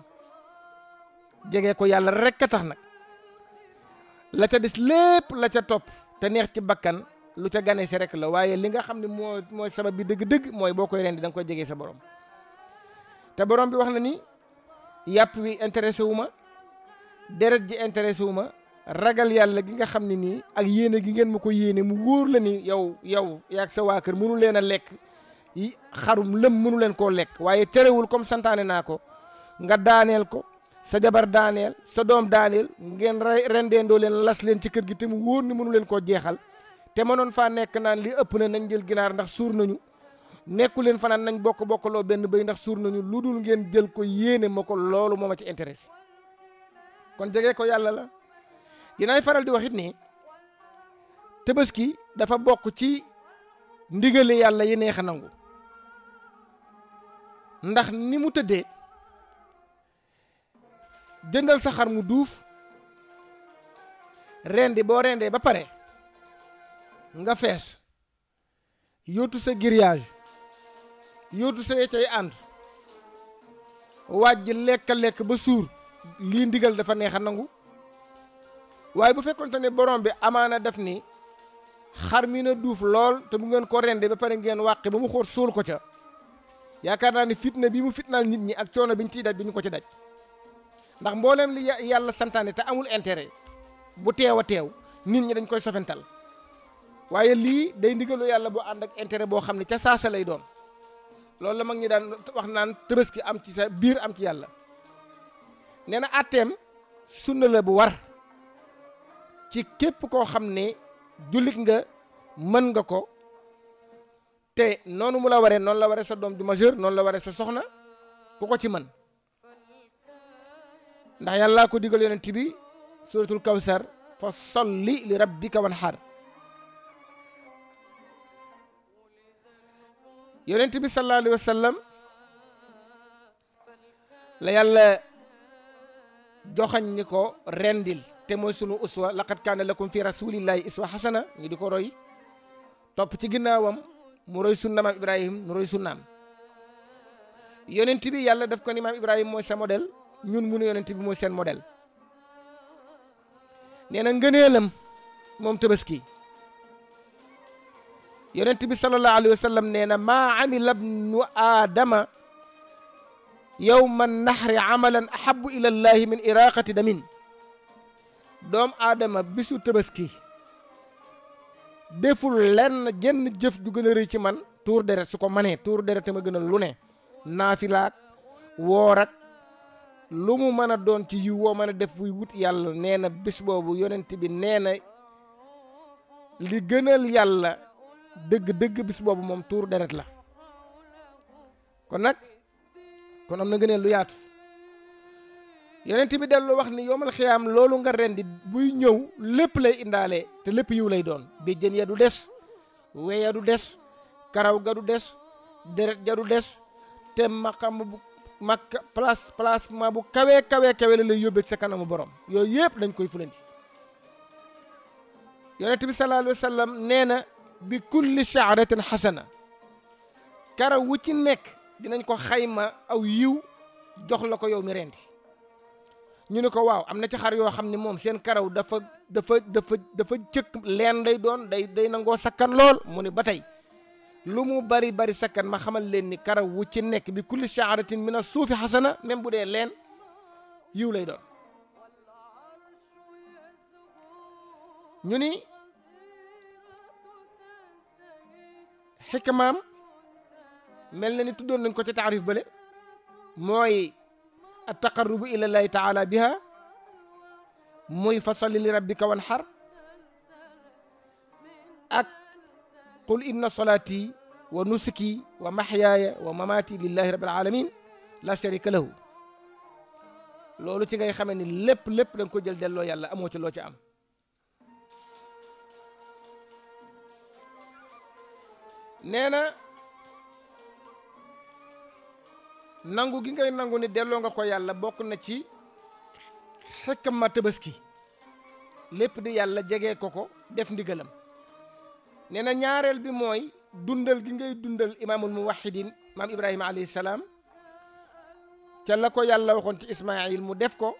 jegee ko yàlla rekk a tax nag la ca des lépp la ca topp te neex ci bakkan lu ca gane si rek la waaye li nga xam ne moo mooy sabab bi dëgg-dëgg mooy boo koy rendi da nga koy jege sa borom te borom bi wax na ni yàpp wi intéressé wu ma deret ji intéressé wu ma ragal yàlla gi nga xam ne nii ak yéene gi ngeen ma ko yéene mu wóor la ni yow yow yaag sa waa kër mënu leen a lekk xarum lëm mënu leen koo lekk waaye terewul comme santaane naa ko nga daaneel ko sa jabar daaneel sa doom daaneel ngeen re rendeendoo leen las leen ci kër gi te mu wóor ni mënu leen koo jeexal te mënoon faa nekk naan lii ëpp na nañ jël ginaar ndax suur nañu nekku leen fanaan nañ bokk bokkaloo benn béy ndax suur nañu lu dul ngeen jël ko yéene ma ko loolu moo ma ci intéressé kon jege ko yàlla la dinaay faral di waxit ni tabaski dafa bokk ci ndigali yàlla yi neex a nangu ndax ni mu tëddee jëndal sa xar mu duuf rendi boo rendee ba pare nga fees yóotu sa grillage yóotu sa cay ànd waaj lekka lekk ba suur lii ndigal dafa neex a nangu waaye bu fekkonte ne borom bi amaana def ni xar mi na duuf lool te mu ngeen koo rende ba pare ngeen wàqe ba mu xóot suul ko ca yaakaar naa ni na bi mu fitnaal nit ñi ak coono biñ ciy bi ñu ko ci daj ndax mbooleem li yàlla santaane te amul intérêt bu teew a teew nit ñi dañ koy sofental waaye lii day ndigalu yàlla boo ànd ak intérêt boo xam ne ca saasa lay doon loolu la mag ñi daan wax naan tëbaski am ci sa biir am ci yàlla nee na àtteem sunna la bu war ci képp koo xam ne jullit nga mën nga ko te noonu mu la ware noonu la waree sa doom ju majeur noonu la waree sa soxna ku ko ci mën ndax yàlla ko digal yonent bi suratul kawsar fa solli li rabbika wanhar yonent bi sallallahu alayhi wa sallam la yàlla joxañ ñi ko rendil te mooy sunu uswa laqad kaana lakum fi rasulillahi uswa xasana ñu di ko roy topp ci ginnaawam mu roy sunna maam ibrahim mu roy sunnaam yonent bi yàlla daf ko ni maam ibrahim mooy sa modèle ñun munu yonent bi mooy seen modèle nee na ngëneelam moom tabaski yonent bi sallallahu alayhi wa sallam nee na maa amila bnu nahri amalan ahabu ila llahi min iraqati damin doom aadama bisu tabaski deful lenn jenn jëf ju gën a rëy ci man tuur deret su ko manee tuur deret ma gën a lu ne naafilaak woor ak lu mu ci yiw woo mën def fuy wut yàlla nee bis boobu yonent bi nee li gënal yàlla dëgg-dëgg bis boobu moom tuur deret la kon nag kon am na gëneel lu yaatu yonent bi dellu wax ni yoomal xiyaam loolu nga rendi buy ñëw lépp lay indaale te lépp yiw lay doon béjjën ya du des we du des karaw ga du des deret ja du des te maqam bu makka place placement bu kawee kawee kawe la lay yóbbee sa kanamu borom yooyu yëpp dañ koy fule yonent bi sallallahu alayhi wa nee na bi kulli shaaratin xasana karaw wu ci nekk dinañ ko xayma aw yiw jox la ko yow mi rendi ñu ne ko waaw am na ci xar yoo xam ne moom seen karaw dafa dafa dafa dafa cëkk leen day doon day day nangoo sakkan lool mu ne ba tey lu mu bari bari sakkan ma xamal leen ni karaw wu ci nekk bi kulli shaaratin min a suufi xasana même bu dee leen yiw lay doon ñu ni xikmaam mel na ni tuddoon nañ ko ci taarif bële mooy at taqarrubu ilallaahi taala biha muy fasalli li rabbika wan xar ak qul inna solaati wa nusuki wa maxyaaya wa mamaati lillahi rabbil alamin la sharika lahu loolu ci ngay xamee ni lépp lépp da nga ko jël delloo yàlla amoo ci loo ci am nee na nangu gi ngay nangu ni delloo nga ko yàlla bokk na ci xikma tabaski lépp di yàlla jege ko ko def ndigalam nee na ñaareel bi mooy dundal gi ngay dundal imaamul mu maam ibrahima alayhi salaam ca la ko yàlla waxoon ci ismail mu def ko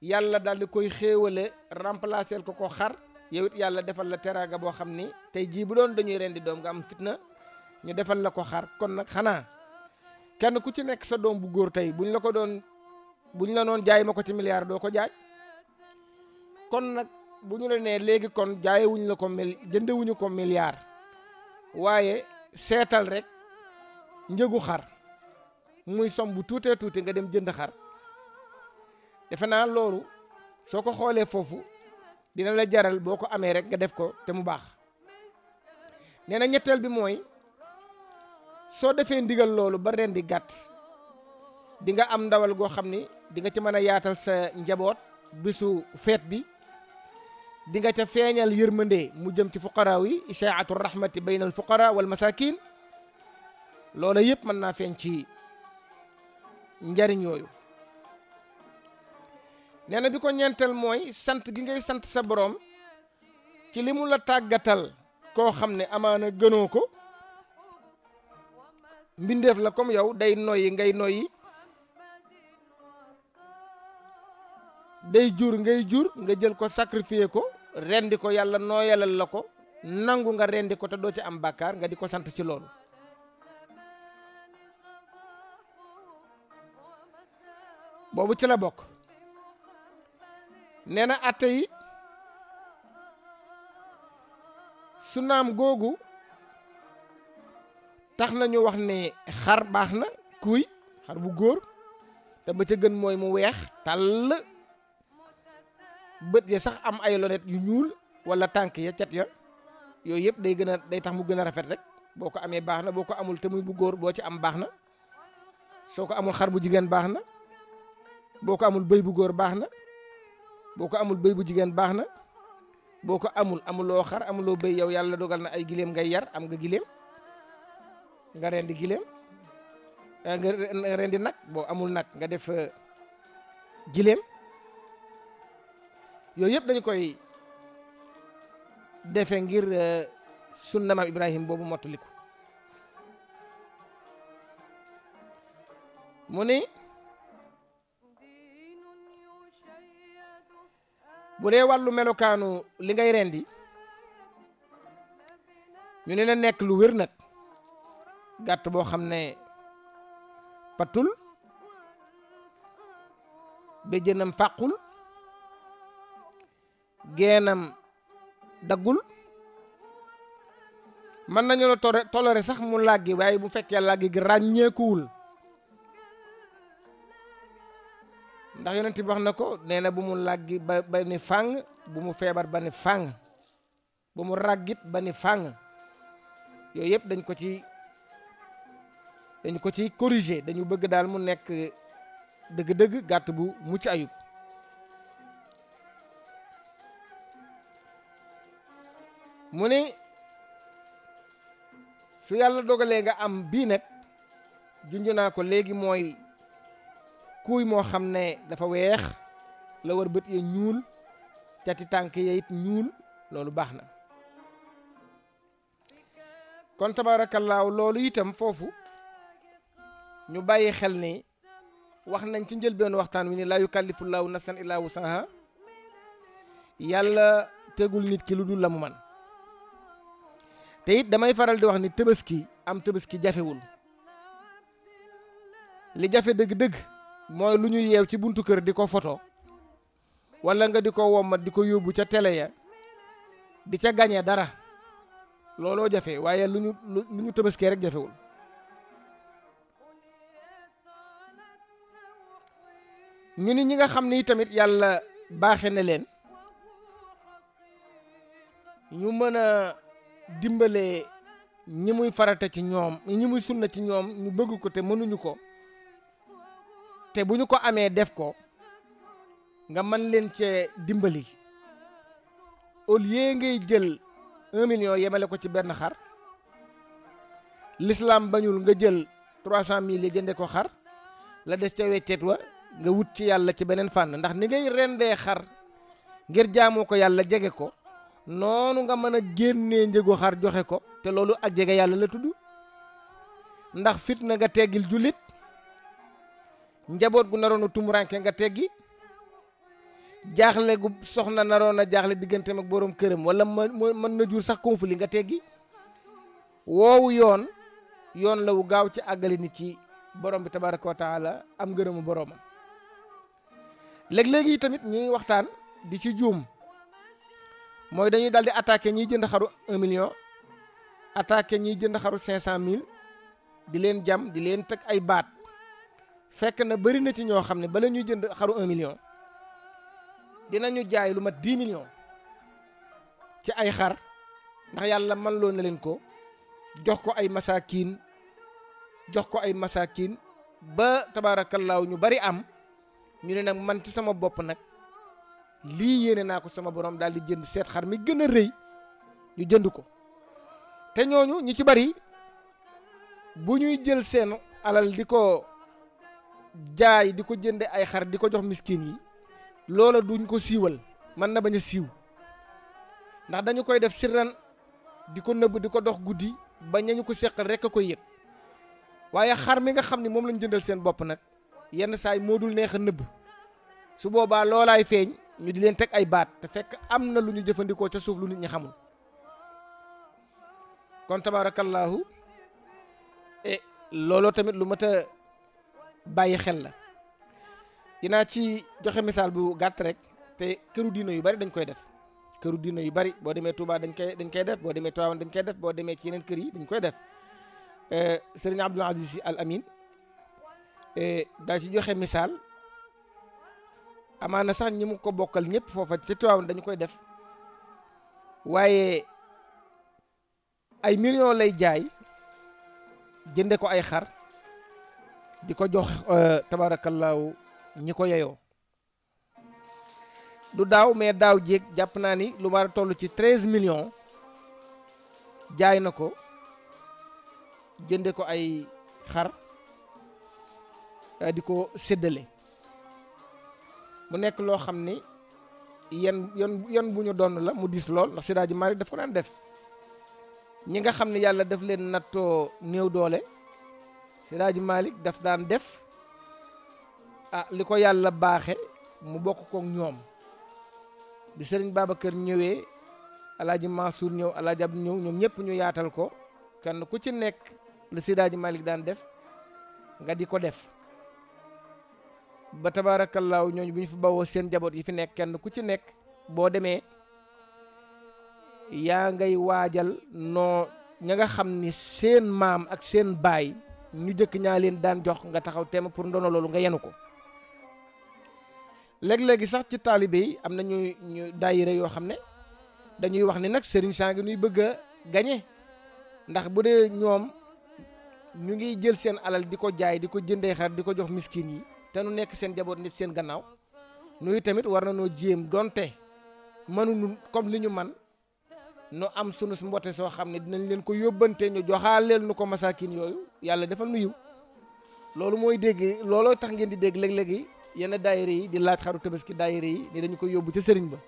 yàlla daal di koy xéewale remplacer ko ko xar yow yàlla defal la teraaga boo xam ni tey jii bu doon dañuy rendi doom nga am na ñu defal la ko xar kon nag xanaa kenn ku ci nekk sa doom bu góor tey buñ la ko doon buñ la noon jaay ma ko ci milliard doo ko jaay kon nag bu ñu la nee léegi kon jaayewuñ la ko mil jëndewuñu ko milliard waaye seetal rek njëgu xar muy sombu tuutee tuuti nga dem jënd xar defe naa loolu soo ko xoolee foofu dina la jaral boko amé rek nga def ko té mu bax néna ñettal bi moy so defee ndigal lolu ba rendi gatt di nga am ndawal go xamni di nga ci mëna yaatal sa njabot bisu feet bi di nga ca feeñal yermande mu jëm ci fuqara wi isha'atur rahmati bainal fuqara wal masakin loola yépp mëna naa ci njariñ yoyu nee na bi ko ñeenteel mooy sant gi ngay sant sa boroom ci limu mu la tàggatal koo xam ne amaana gënoo ko mbindeef la comme yow day noyyi ngay noyyi day jur ngay jur nga jël ko sacrifier ko rendi ko yàlla nooyalal la ko nangu nga rendi ko te doo ci am bàkkaar nga di ko sant ci loolu boobu ci la bokk nee na atte su naam googu tax nañu wax ne xar baax na kuy xar bu góor te ba ca gën mooy mu weex tàll bët ya sax am ay lonet yu ñuul walla tànk ya cat ya yooyu yëpp day gën a day tax mu gën a rafet rek boo ko amee baax na boo ko amul te muy bu góor boo ci am baax na soo ko amul xar bu jigéen baax na boo ko amul bëy bu góor baax na boo ko amul béy bu jigéen baax na boo ko amul amuloo xar amuloo béy yow yàlla dogal na ay gileem nga yar am nga gileem nga rendi gileem eh, nga rendi nag boo amul nag nga def eh, gileem yooyu yëpp dañ koy defe ngir eh, sunna maam Ibrahim boobu mottaliku mu ni bu dee wàllu melokaanu li ngay rendi ñu ne na nekk lu wér nag gàtt boo xam ne patul béjjënam fàqul geenam daggul mën nañu la toléré sax mu làggi waaye bu fekkee làggi gi ràññeekuwul ndax yonent bi wax na ko nee na bu mu làggi ba ba ni bu mu feebar ba ni fàng bu mu ràggit ba ni yooyu yëpp dañ ko ci dañ ko ci corriger dañu bëgg daal mu nekk dëgg-dëgg gàtt bu mucc ayub mu ni su yàlla dogalee nga am bii nag junj naa ko léegi mooy kuuy moo xam ne dafa weex la war bët ya ñuul cati tànk ya it ñuul loolu baax na kon tabaarakallaahu loolu itam foofu ñu bàyyi xel ni wax nañ ci njël njëlbeen waxtaan wi ni laa yukallifullaahu nafsan illaa wusaha yàlla tegul nit ki lu dul la mu man te it damay faral di wax ni tëbaski am tëbaski jafewul li jafe dëgg-dëgg mooy lu ñu yeew ci buntu kër di ko foto walla nga di ko wommat di ko yóbbu ca tele ya di ca gañe dara looloo jafe waaye lu ñu lu ñu tëbaskee rek jafewul ñu ni ñi nga xam ni tamit yàlla baaxe na leen ñu mën a dimbalee ñi muy farate ci ñoom ñi muy sunna ci ñoom ñu bëgg ko te mënuñu ko te bu ñu ko amee def ko nga mën leen ce dimbali au lieu ngay jël un yemale ko ci benn xar l'islam bañul nga jël trois cent mil yi jënde ko xar la des ca wecceet wa nga wut ci yàlla ci beneen fànn ndax ni ngay rendee xar ngir jaamoo ko yàlla jege ko noonu nga mën a génnee njëgu xar joxe ko te loolu ak jege yàlla la tudd ndax fitna nga teggil jullit njaboot gu naroon a tumuranke nga teggi jaaxle gu soxna naroon a jaaxle digganteem ak boroom këram wala mën na jur sax conflit nga teggi woowu yoon yoon la wu gaaw ci àggale nit ci borom bi tabaraka wa taala am ngërëmu boromam léeg-léegi tamit ñi waxtaan di ci juum mooy dañuy daal di attaqué jënd xaru un million attaqué ñiy jënd xaru cinq cent mille di leen jam di leen teg ay baat fekk na bëri na ci ñoo xam ne bala ñuy jënd xaru un million dinañu jaay lu mat dix millions ci ay xar ndax yàlla man loo na leen ko jox ko ay masaakiin jox ko ay masaakiin ba tabaarakallaahu ñu bari am ñu ne nag man ci sama bopp nag lii yéene naa ko sama borom daal di jënd seet xar mi gën a rëy ñu jënd ko te ñooñu ñi ci bari bu ñuy jël seen alal di ko jaay di ko jënde ay xar di ko jox miskin yi loola duñ ko siiwal mën na bañ a siiw ndax dañu koy def sirran di ko nëbb di ko dox guddi bañ nañu ko seqal rek a koy yëg waaye xar mi nga xam ne moom lañ jëndal seen bopp nag yenn saay moo dul neex a nëbb su boobaa loolaay feeñ ñu di leen teg ay baat te fekk am na lu ñu jëfandikoo ca suuf lu nit ñi xamul kon tabaarakallaahu e looloo tamit lu mat bàyyi xel la dinaa ci joxe misaal bu gàtt rek te këru diina yu bari dañ koy def këru diina yu bari boo demee Touba dañ koy dañ koy def boo demee Tivaouane dañ koy def boo demee ci yeneen kër yi dañ koy def euh, sëriñ Abdul Aziz Sy Al Amin euh, daa ci joxe misaal amaana sax ñi mu ko bokkal ñëpp foofa ci Tivaouane dañu koy def waaye ay million lay jaay jënde ko ay xar di ko jox eh, tabaarakallaahu ñi ko yeyoo du daaw mais daaw jéeg jàpp naa ni lu war a toll ci treize million jaay na ko jënde ko ay xar eh, di ko séddale mu nekk loo xam ni yen yen yen bu ñu doon la mu diis lool ndax Seydi Hadji Malick daf ko daan def ñi nga xam ne yàlla daf leen nattoo néew doole Siraaji Malick daf daan def a ah, li ko yàlla baaxe mu bokk kook ñoom bi sëriñ kër ñëwee alaaji Mansour ñëw alaaji Abdou ñëw ñoom ñëpp ñu yaatal ko kenn ku ci nekk li Siraaji Malick daan def nga di ko def ba tabaarakallaahu ñooñu bu ñu fi bawoo seen jaboot yi fi nekk kenn ku ci nekk boo demee yaa ngay waajal noo ña nga xam ni seen maam ak seen baay ñu jëkk ñaa leen daan jox nga taxaw teem pour ndono loolu nga yenu ko léeg-léegi sax ci taalibe yi am na ñuy ñu daayira yoo xam ne dañuy wax ni nag sëriñ saa ngi ñuy bëgg gañe ndax bu dee ñoom ñu ngi jël seen alal di ko jaay di ko jëndee xar di ko jox miskin yi te nu nekk seen jaboot nit seen gannaaw nuyu tamit war na noo jéem donte mënuñu comme li ñu man nu am sunu mbote soo xam ne dinañ leen ko yóbbante ñu joxaaleel nu ko masaakin yooyu yàlla defal nu yiw loolu mooy dégg looloo tax ngeen di dégg léeg-léeg yi yenn daayira yi di laaj xaru tabaski daayira yi ni dañu ko yóbbu ca sëriñ ba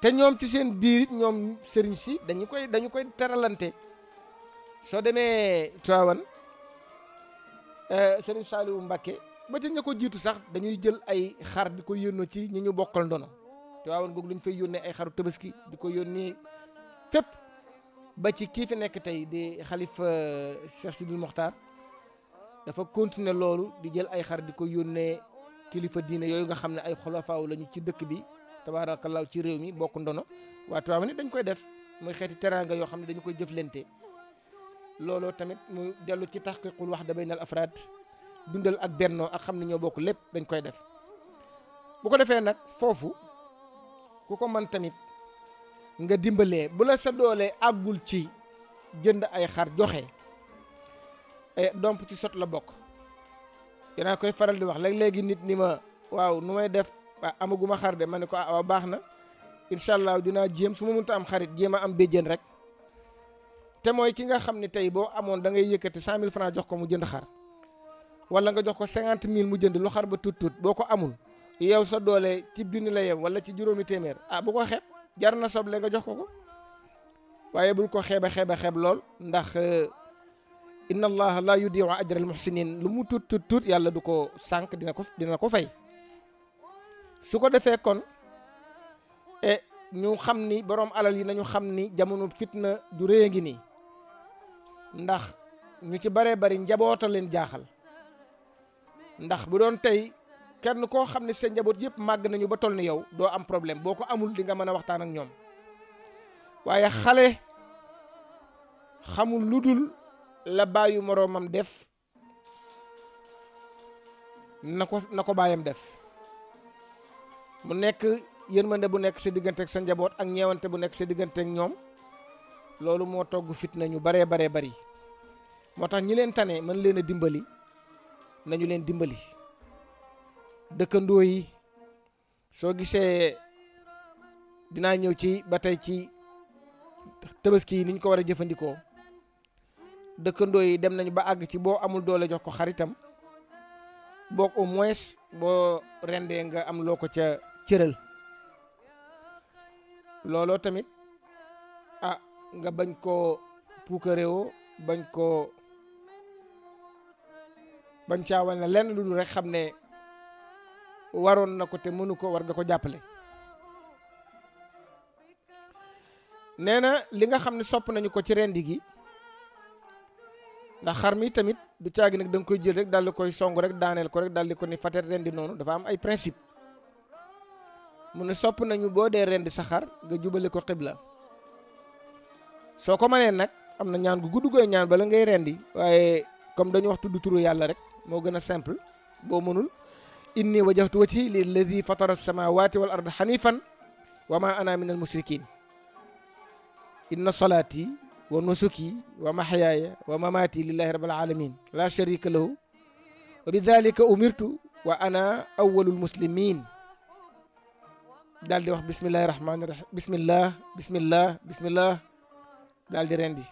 te ñoom ci seen biir it ñoom sëriñ si dañu koy dañu koy teralante soo demee Tiwaawan eh, sëriñ Saaliwu Mbàkke ba ca ña ko jiitu sax dañuy jël ay xar di koy yónnoo ci ñi ñu bokkal ndono Tiwaawan googu dañ fay yónnee ay xaru tabaski di koy yónnee fépp ba ci kii fi nekk tey di xalifa euh, Cheikh Sidil Mokhtar dafa continuer loolu di jël ay xar di koy yónnee kilifa diine yooyu nga xam ne ay xolofaaw lañu ci dëkk bi tabaarakallaahu ci réew mi bokk ndono waa Tiwaawan it dañ koy def muy xeeti teraanga yoo xam ne dañu koy jëflante looloo tamit mu dellu ci tahqiqul wahda baynal afraad dundal ak bennoo ak xam ne ñoo bokk lépp dañ koy def defee nag foofu ku ko man tamit nga dimbalee bu la sa doolee àggul ci jënd ay xar joxe eh, domp ci sot la bokk dinaa koy faral di wax léeg-léegi nit ni ma waaw nu may def ah, amaguma xar de ma ne ko ah baax na incha allah dinaa jéem su ma mënta am xarit jéem a am béjjén rek te mooy ki nga xam ni tey boo amoon da ngay yëkkati cent mille francs jox ko mu jënd xar wala nga jox ko cinquante mille mu jënd lu xar ba tuut tuut boo ko amul. yow sa doole ci junni la yem wala ci juróomi téeméer a ah, bu ko xeeb jar na soble nga jox ko ko waaye bul ko xeeba xeeba xeeb lool ndax eh, inna allaha la yudiu ajra al muhsinin lu mu tuut tuut tuut yàlla du ko sànq dina ko dina ko fay su ko defee kon e ñu xam ni borom alal yi nañu xam ni jamono na du réy ngi nii ndax ñu ci baree bari njaboota leen jaaxal ndax bu doon tey kenn koo xam ne sa njaboot yëpp màgg nañu ba toll ni yow doo am problème boo ko amul di nga mën a waxtaan ak ñoom waaye xale xamul lu dul la bàyyu moroomam def na ko na ko bàyyam def mu nekk yërmande bu nekk sa diggante sa njaboot ak ñeewante bu nekk sa diggante ak ñoom loolu moo togg fitna ñu baree baree bari moo tax ñi leen tane mën leen a dimbali nañu leen dimbali dëkkandoo yi soo gisee dinaa ñëw ci ba tey ci tabaski yi ko war a jëfandikoo dëkkandoo yi dem nañu ba àgg ci boo amul doole jox ko xaritam boo au moins boo rendee nga am loo ko ca cëral looloo tamit ah nga bañ koo puukaréewoo bañ koo bañ caawan na lenn lu dul rek xam ne waroon na ko te mënu ko war nga ko jàppale nee na li nga xam ne sopp nañu ko ci rendi gi ndax xar mi tamit du caagi nag da koy jël rek dal di koy song rek daaneel ko rek daal di ko ni fatet rendi noonu dafa am ay principe mu ne sopp nañu boo dee rendi sa xar nga jubale ko xibla soo ko ma nee nag am na ñaan gu gudd gooy ñaan bala ngay rendi waaye comme dañu wax tudd turu yàlla rek moo gën a semple boo mënul إني وجهت وجهي للذي فطر السماوات والأرض حنيفا وما أنا من المشركين إن صلاتي ونسكي ومحياي ومماتي لله رب العالمين لا شريك له وبذلك أمرت وأنا أول المسلمين دال دي بسم الله الرحمن الرحيم بسم الله بسم الله بسم الله دالدي رندي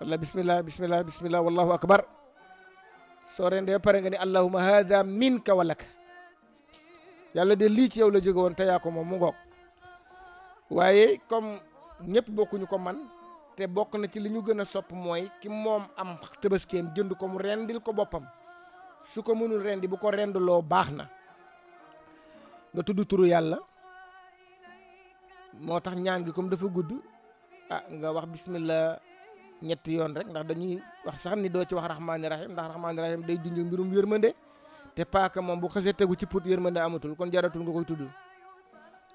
والله بسم الله بسم الله بسم الله والله أكبر soo rendee pare nga ni allahuma hada minka wa laka yàlla de lii ci yow la jóge woon te yaa ko moom mu ngoog waaye comme ñëpp bokkuñu ko man te bokk na ci li ñu gën a sopp mooy ki moom am tëbaskeem jënd ko mu rendil ko boppam su ko mënul rendi bu ko rendloo baax na nga tudd turu yàlla moo tax ñaan gi comme dafa gudd ah nga wax bismillah ñetti yoon rek ndax dañuy wax sax ni doo ci wax rahmaani rahim ndax rahmaani rahim day junj mbirum yërmande te paaka moom bu xasee tegu ci put yërmande amatul kon jaratul nga koy tudd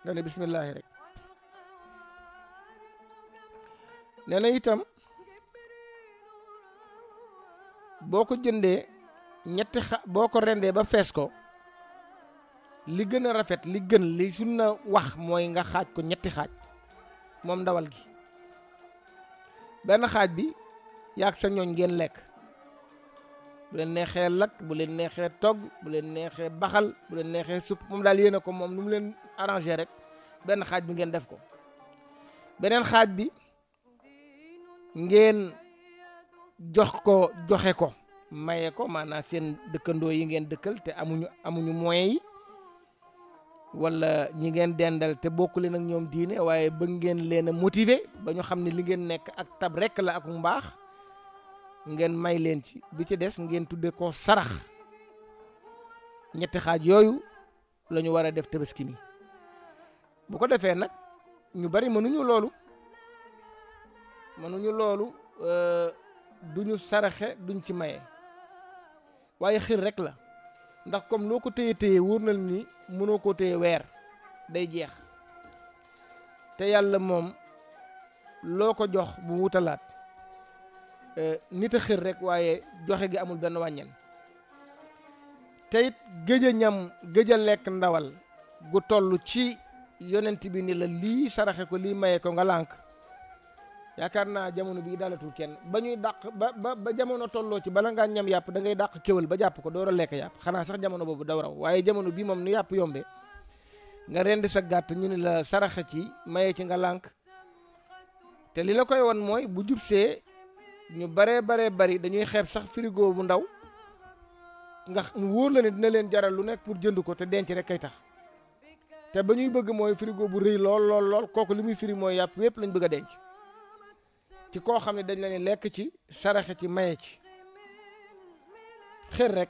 nga ne bisimilahi rek nee na itam boo ko jëndee ñetti xa boo ko rendee ba fees ko li gën a rafet li gën li sunna wax mooy nga xaaj ko ñetti xaaj moom ndawal gi benn xaaj bi yaag sa ñooñ ngeen lekk bu leen neexee lakk bu leen neexee togg bu leen neexee baxal bu leen neexee supp moom daal yéene ko moom nu mu leen arrangé rek benn xaaj bi ngeen def ko beneen xaaj bi ngeen jox ko joxe ko maye ko maanaam seen dëkkandoo yi ngeen dëkkal te amuñu amuñu moyens yi wala ñi ngeen dendal te bokk leen ak ñoom diine waaye bëgg ngeen leen a motiver ba ñu xam ne li ngeen nekk ak tab rekk la ak mbaax ngeen may leen ci bi ci des ngeen tudde koo sarax ñetti xaaj yooyu lañu war a def tabaski mi bu ko defee nag ñu bari mënuñu loolu mënuñu loolu euh, duñu saraxe duñ ci maye waaye xir rek la ndax comme loo ko téye téye wóor na ni mënoo koo téye weer day jeex te yàlla moom loo ko jox bu wutalaat eh, nit a xër rek waaye joxe gi amul benn wàññin te it gëj a ñam gëj a lekk ndawal gu toll ci yonent bi ni la lii saraxe ko lii maye ko nga lànk yaakaar naa jamono bii dalatul kenn ba ñuy dàq ba ba ba jamono tolloo ci bala ngaa ñam yàpp da ngay dàq kéwal ba jàpp ko door a lekk yàpp xanaa sax jamono boobu daw raw waaye jamono bii moom ni yàpp yombe nga rend sa gàtt ñu ne la saraxe ci maye ci nga lànk te li la koy won mooy bu jub ñu baree baree bari dañuy xeeb sax frigo bu ndaw nga mu wóor la ne dina leen jaral lu nekk pour jënd ko te denc rek kay tax te ba ñuy bëgg mooy firigo bu rëy lool lool lool kooku li muy firi mooy yàpp wépp lañ bëgg a denc ci koo xam ne dañ la ne lekk ci saraxe ci maye ci xër rek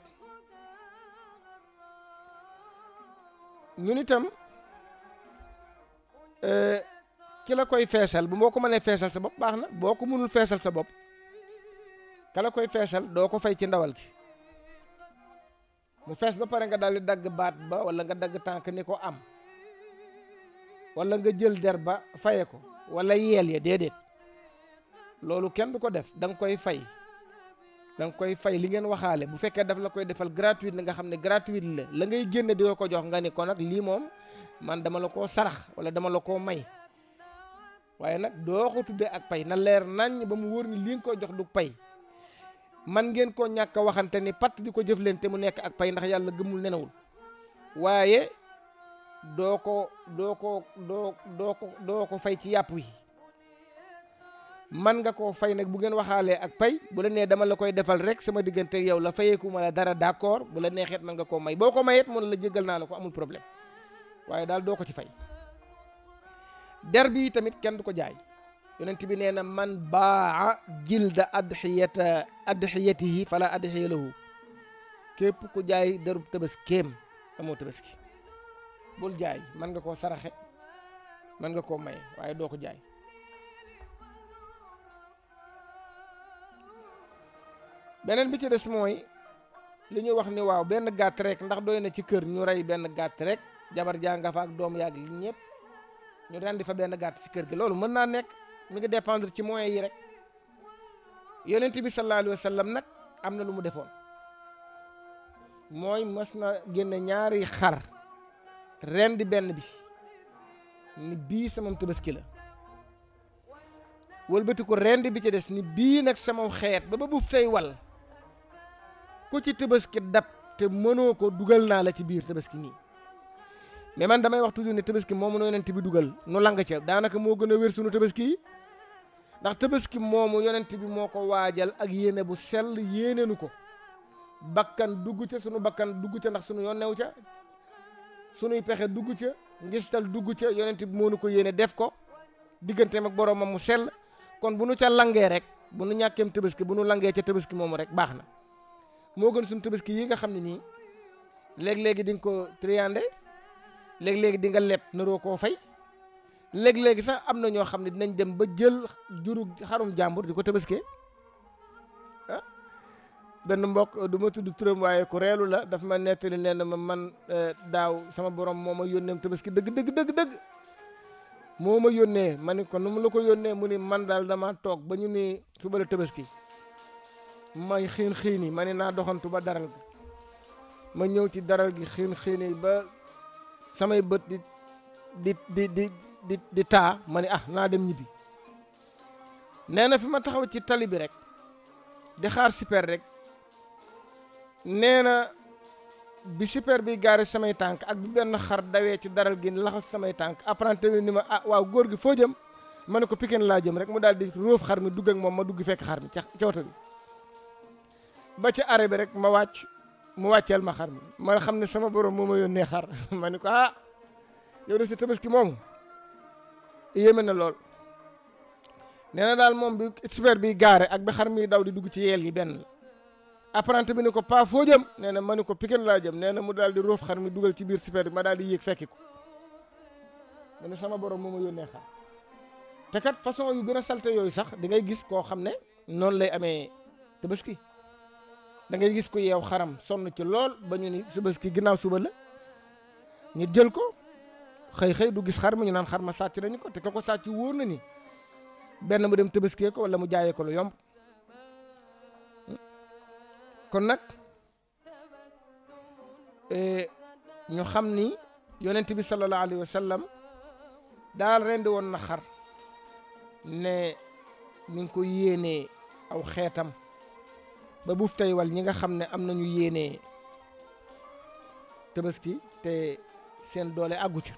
ñun itam euh, ki la koy feesal bu moo ko mënee feesal sa bopp baax na boo ko mënul feesal sa bopp ka la koy feesal doo ko fay ci ndawal gi mu fees ba pare nga daal di dagg baat ba wala nga dagg tànk ni ko am wala nga jël der ba faye ko wala yeel ya déedéet loolu kenn du ko def da koy fay da koy fay li ngeen waxaale bu fekkee daf la koy defal gratuite nga xam ne gratuite la la ngay génne di ko jox nga ni ko nag lii moom man dama la koo sarax wala dama la koo may waaye nag doo ko tuddee ak pay na leer nañ ba mu wóor ni li nga koy jox du pay man ngeen koo ñàkk a waxante ni patt di ko jëflante mu nekk ak pay ndax yàlla gëmul nenawul waaye doo ko doo ko doo doo ko doo ko fay ci yàpp wi man nga koo fay nag bu ngeen waxaalee ak pay bu la nee dama la koy defal rek sama diggante yow la fayeeku ma la dara d'accord bu la neexeet man nga koo may boo ko mayeet mun la jéggal naa la ko amul problème waaye daal doo ko ci fay der bi tamit kenn du ko jaay yonent bi nee na man baa jilda adxiyata adxiyatihi fala adxiya lahu képp ku jaay derub tabaskeem amoo tabaski bul jaay man nga koo saraxe man nga koo may waaye doo ko jaay beneen bi ci des mooy li ñu wax ni waaw benn gàtt rek ndax doy na ci kër ñu rey benn gàtt rek jabar jaa nga fa ak doom yàgg li ñëpp ñu rendi fa benn gàtt ci kër gi loolu mën naa nekk mi ngi dépendre ci moyens yi rek yonent bi sallallahu alayhi wa nag am na lu mu defoon mooy mës na génne ñaari xar rendi benn bi ni bii samam ki la wëlbati ko rendi bi ci des ni bii nag sama xeet ba ba buuf tey wal ku ci tabaski dab te mënoo ko dugal naa la ci biir tabaski nii mais man damay wax toujours ne tabaski moomu nu yonent bi dugal nu lang ca daanaka moo gën a wér sunu tabaski yi ndax tabaski moomu yonent bi moo ko waajal ak yéene bu sell yéene ko bakkan dugg ca sunu bakkan dugg ca ndax sunu yoon new ca sunuy pexe dugg ca ngistal dugg ca yonent bi moo nu ko yéene def ko digganteem ak boroomam mu sell kon bu nu ca langee rek bu nu ñàkkeem ki bu nu langee ca tabaski moomu rek baax na moo gën suñu tabaski yi nga xam ne nii léeg-léegi di ko triandé léeg-léegi di nga leb naroo koo fay léeg-léegi sax am na ñoo xam ne dinañ dem ba jël juru xarum jàmbur di ko tabaskee ah, benn mbokk du tudd turam waaye ku reelu la daf ma nettali nee na ma man eh, daaw sama borom moo ma yónnee tabaski dëgg dëgg dëgg dëgg moo ma yónnee ma ni ko nu mu la ko yónnee mu ni man daal dama toog ba ñu ni suba la tabaski may xin xini mané na doxantu ba daral ma ñew ci daral gi xin xini ba samay bëtt di di di di di di taa ah na dem ñibi néna fi ma taxaw ci tali bi rek di xaar super rek néna bi super bi garé samay tank ak bu ben xar dawee ci daral gi laxas samay tank apprenté ni ma ah waaw góor gi fo jëm mané ko piken la jëm rek mu daldi di xar mi dugg ak mom ma dugg fekk xar mi ci bi ba ci arrêt bi rek ma wàcc mu wàcceel ma xar mi ma xam ne sama borom moo ma yónnee xar [laughs] ma ni ko ah yow de si tabaski moom yéeme na lool nee na daal moom bi super bi gaare ak bi xar mi daw di dugg ci yeel yi benn la apprenti bi ni ko pas foo jëm nee na ma ni ko Pikine laa jëm nee na mu daal di roof xar mi dugal ci biir super bi ma dal di yéeg fekki ko mu ne sama borom moo ma yónnee xar te kat façon yu gën a salte yooyu sax di ngay gis koo xam ne noonu lay amee tabaski da ngay gis ko yeew xaram sonn ci lool ba ñu ni suba ki ginnaaw suba la ñu jël ko xëy xëy du gis xar ma ñu naan xar ma sàcc nañu ko te ka ko sàcc wóor na ni benn mu dem tëbëskee ko wala mu jaayee ko lu yomb kon nag e, ñu xam ni yonent bi sallallahu alayhi wa sallam daal rendi woon na xar ne ñu ngi ko yéenee aw xeetam ba buuf tey wal ñi nga xam ne am nañu yéenee tabaski te seen doole àggu ca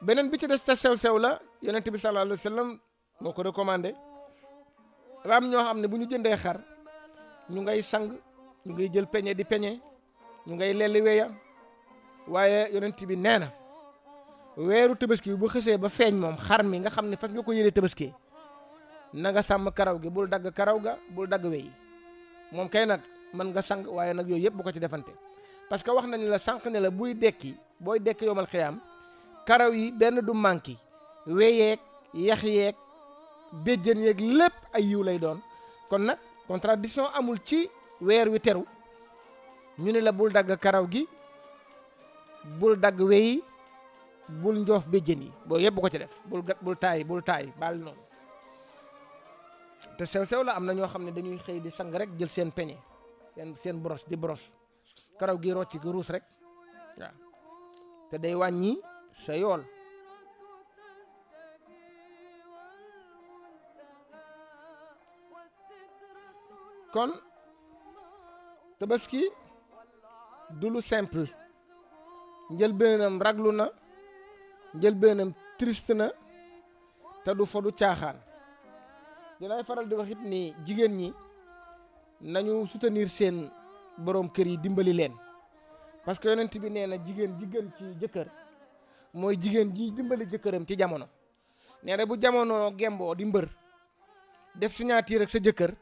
beneen bi ci des te sew-sew la yonent bi sallallahu alayhi wa sallam moo ko recommandé raam ñoo xam ne bu ñu jëndee xar ñu ngay sang ñu ngay jël peñe di peñe ñu ngay lelli weya waaye yonent bi nee na weeru tabaski bu xësee ba feeñ moom xar mi nga xam ne fas nga ko yére tabaski na nga sàmm karaw gi bul dagg karaw ga bul dagg wey moom kay nag mën nga sang waaye nag yooyu yëpp bu ko ci defante parce que wax nañ la sànq ne la buy dekki booy dekki yomal xiyaam karaw yi benn du manqué weyeeg yax yeeg béjjën yeeg lépp ay yiw lay doon kon nag contradiction amul ci weer wi teru ñu ne la bul dagg karaw gi bul dagg weyi bul njoof béjjën yi boo yëpp bu ko ci def bul gat bul taay bul taay baal noonu te sew-sew la am na ñoo xam ne dañuy xëy di sang rek jël seen peñe seen seen di boros karaw gi rocc ki ruus rek waaw te day wàññi sa yool kon tabaski dulu lu simple njëlbeenam raglu na njëlbeenam triste na te du fodu caaxaan dinaay faral di wax it ni jigéen ñi nañu soutenir seen borom kër yi dimbali leen parce que yonent bi nee na jigéen jigéen ci jëkkër mooy jigéen ji dimbali am ci jamono nee na bu jamono gemboo di mbër def signature sa jëkkër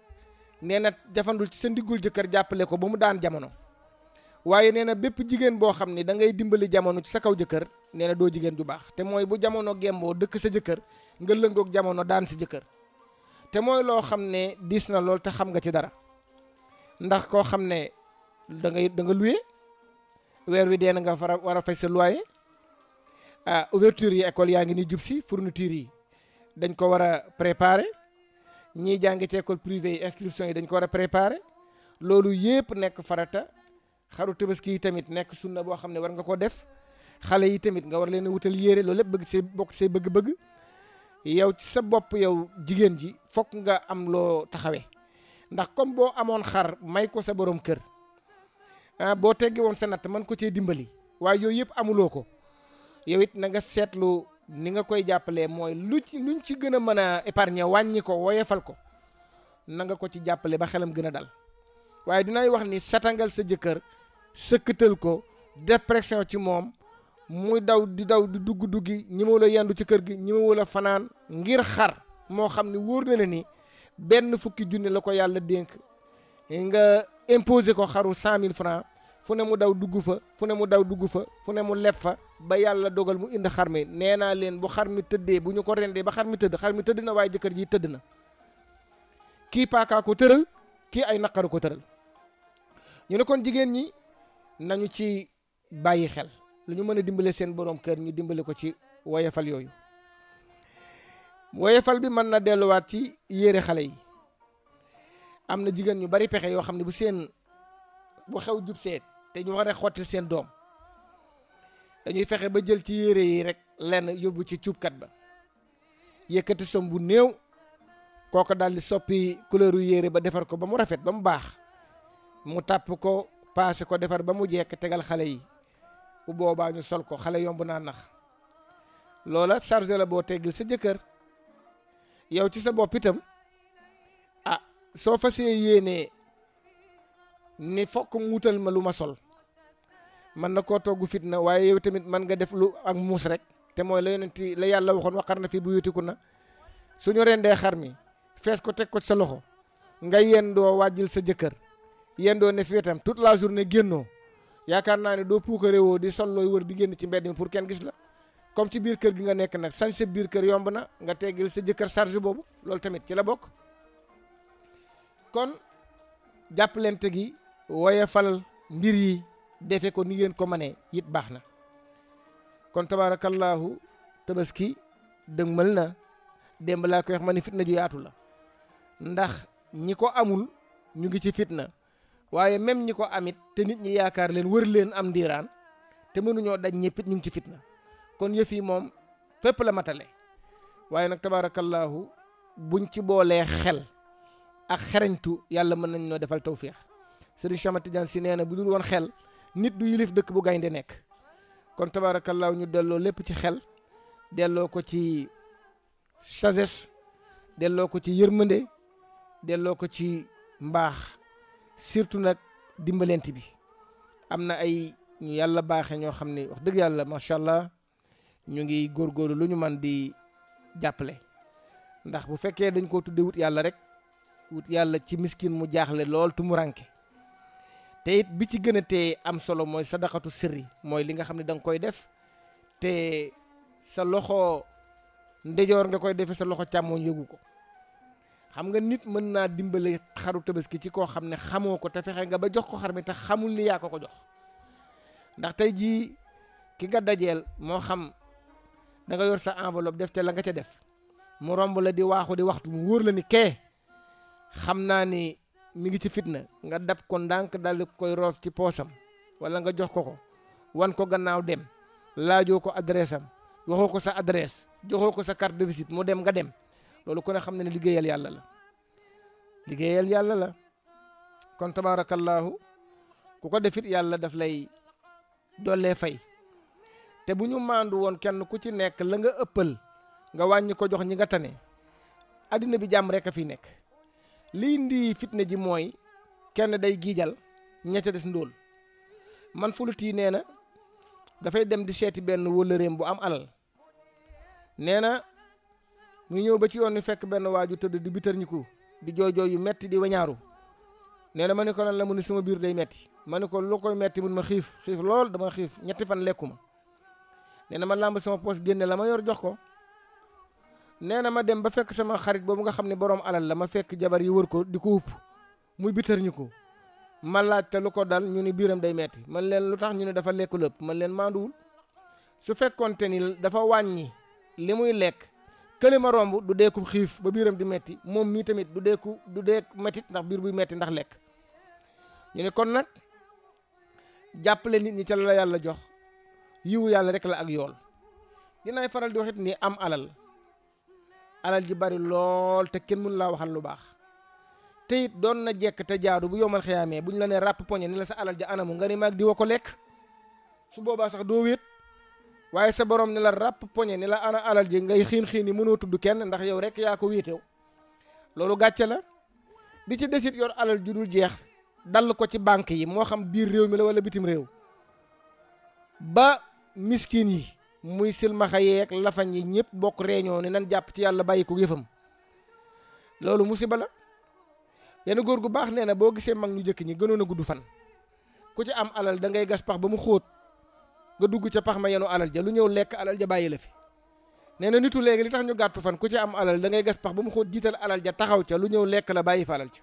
nee na jafandul ci sa ndiggul jëkkër jàppale ko ba mu daan jamono waaye nee na bépp jigéen boo xam ni da ngay dimbali jamono ci sa kaw jëkkër nee na doo jigéen ju baax te mooy bu jamono gemboo dëkk sa jëkkër nga lëngoog jamono daan sa jëkkër te mooy loo xam ne diis na lool te xam nga ci dara ndax koo xam ne danga ngay da nga luye weer wi dee na nga fara war a fay sa loyer ah ouverture yi école yaa ngi nii jub si fourniture yi dañ ko war a préparer ñiy jàng ci école privée yi inscription yi dañ ko war a préparer loolu yépp nekk farata xaru tabaski yi tamit nekk na boo xam ne war nga ko def xale yi tamit nga war leen a wutal yére loolu lépp bëgg see bokk see bëgg-bëgg yow ci sa bopp yow jigéen ji fokk nga am loo taxawe ndax comme boo amoon xar may ko sa boroom kër ah, boo teggi woon sa natt man ko cee dimbali waaye yooyu yëpp amuloo ko yow it na nga seetlu ni nga koy jàppalee mooy lu ci luñ ci gën a mën a épargner wàññi ko woyefal ko na nga ko ci jàppale ba xelam gën a dal waaye dinaay wax ni satangal sa jëkkër sëkkatal ko dépression ci moom muy daw di daw di dugg-duggi ñi ma la yendu ci kër gi ñi ma la fanaan ngir xar moo xam ne wóor na la ni benn fukki junni la ko yàlla dénk nga imposé ko xaru cent mille francs fu ne mu daw dugg fa fu ne mu daw dugg fa fu ne mu leb fa ba yàlla dogal mu indi xar mi nee naa leen bu xar mi tëddee bu ñu ko rendee ba xar mi tëdd xar mi tëdd na waaye jëkkër ji tëdd na kii paakaa ko tëral kii ay naqaru ko tëral ñu ne kon jigéen ñi nañu ci bàyyi xel lu ñu mën a dimbale seen borom kër ñu dimbale ko ci woyefal yooyu woyefal bi mën na delluwaat ci yére xale yi am na jigéen ñu bari pexe yoo xam ne bu seen bu xew jub seet te ñu war a xottil seen doom dañuy fexe ba jël ci yére yi rek lenn yóbbu ci cuubkat ba yëkkati som bu néew kooko daal di soppi couleuru yére ba defar ko ba mu rafet ba mu baax mu tàpp ko paase ko defar ba mu jekk tegal xale yi bu boobaa ñu sol ko xale yomb naa nax loola chargé la boo teggil sa jëkkër yow ci sa bopp itam ah soo fasee yéenee ni fokk mu wutal ma lu ma sol man na koo togg na waaye yow tamit man nga def lu ak muus rek te mooy la ti la yàlla waxoon xar na fi bu yutiku na su ñu suñu dee xar mi fees ko teg ko sa loxo nga yendoo wàjjil sa jëkkër yendoo ne fi wetam toute la journée génnoo yaakaar naa ne doo puukare woo di sol looy wër di génn ci mbedd mi pour kenn gis la comme ci biir kër gi nga nekk nag sañ sa biir kër yomb na nga teggil sa jëkkër charge boobu loolu tamit ci la bokk kon jàppalante gi woyefal mbir yi defe ko ni ngeen ko mane it baax na kon tabaarakallaahu tabaski dëgmal na démb laa koy wax ma ne yaatu la ndax ñi ko amul ñu ngi ci fitna waaye même ñi ko amit te nit ñi yaakaar leen wër leen am ndiiraan te mënuñoo daj ñëppit ñu ngi ci fitna kon yëf moom fépp la matale waaye nag tabaarakallaahu buñ ci boolee xel ak xereñtu yàlla mën nañ noo defal tawfiix sëriñ Cheikh Ahmad Tidiane si nee na bu dul won xel nit du yilif dëkk bu gaynde nekk kon tabaarakallaahu ñu delloo lépp ci xel delloo ko ci sagesse delloo ko ci yërmande delloo ko ci mbaax surtout nag dimbalante bi am na ay ñu yàlla baaxe ñoo xam ne wax dëgg yàlla macha allah ñu ngi góorgóorlu lu ñu man di jàppale ndax bu fekkee dañ ko tudde wut yàlla rek wut yàlla ci miskin mu jaaxle lool tu mu te it bi ci gën a tee am solo mooy sadaqatu sirri mooy li nga xam ne da nga koy def te sa loxo ndejoor nga koy defee sa loxo càmmooñ yëgu ko xam nga nit mën naa dimbale xaru tabaski ci koo xam ne xamoo ko te fexe nga ba jox ko xar mi te xamul ni yaa ko ko jox ndax tey jii ki nga dajeel moo xam da nga yor sa enveloppe def te la nga ca def mu romb la di waaxu di waxtu mu wóor la ni kee xam ni mi ngi ci fitna nga dab ko ndànk dal koy roof ci poosam wala nga jox ko ko wan ko gannaaw dem laajoo ko adresse am waxoo sa adresse joxoo ko sa carte de visite mu dem nga dem loolu ku ne xam na ne liggéeyal yàlla la liggéeyal yàlla la kon tabaarakallaahu ku ko defit yàlla daf lay dollee fay te bu ñu maandu woon kenn ku ci nekk la nga ëppal nga wàññi ko jox ñi nga tane addina bi jàmm rek a fi nekk liy ndi fitna ji mooy kenn day giijal ña ca des ndóol man fuluti nee na dafay dem di seeti benn wëllëreem bu am alal nee na muy ñëw ba ci yoon wi fekk benn waaju tëdd di ko di jooy-jooy yu metti di weñaaru nee na ma ni ko lan la mu ni suma biir day metti ma ni ko lu koy metti mun ma xiif xiif lool dama xiif ñetti fan lekku ma nee na ma làmb sama poos génne la ma yor jox ko nee na ma dem ba fekk sama xarit boobu nga xam ne boroom alal la ma fekk jabar yi wër ko di ko upp muy bitërñiku ko laaj te lu ko dal ñu ni biiram day metti man leen lu tax ñu ne dafa lekk lépp man leen maanduwul su fekkonte ni dafa wàññi li muy lekk kële ma romb du deeku xiif ba biiram di metti moom mii tamit du deeku du deek metit ndax biir buy metti ndax lekk ñu ne kon nag jàppale nit ñi ca la yàlla jox yiwu yàlla rek la ak yool dinaay faral di waxit nii am alal alal ji bari lool te kenn mun laa waxal lu baax te it doon na jekk te jaadu bu yomal xiyaamee bu ñu la ne ràpp poñe ni la sa alal ja anamu nga ni di wa ko lekk su boobaa sax doo wéet waaye sa borom ni la ràpp poñe ni la ana alal ji ngay xiin xiin yi mënoo tudd kenn ndax yow rek yaa ko wiitew loolu gàcce la di ci desit yor alal ju dul jeex dal ko ci banque yi moo xam biir réew mi la wala bitim réew ba miskin yi muy silmaxa yeeg lafañ yi ñëpp bokk réunion ni nan jàpp ci yàlla bàyyi ko yëfam loolu musiba la benn góor gu baax nee na boo gisee mag ñu jëkk ñi gënoon a gudd fan ku ci am alal da ngay gas pax ba mu xóot nga dugg ca pax ma yenu alal ja lu ñëw lekk alal ja bàyyi la fi nee na nitu léegi li tax ñu gàttu fan ku ci am alal dangay ngay gas pax ba mu xóot jiital alal ja taxaw ca lu ñëw lekk la bàyyi fa alal ca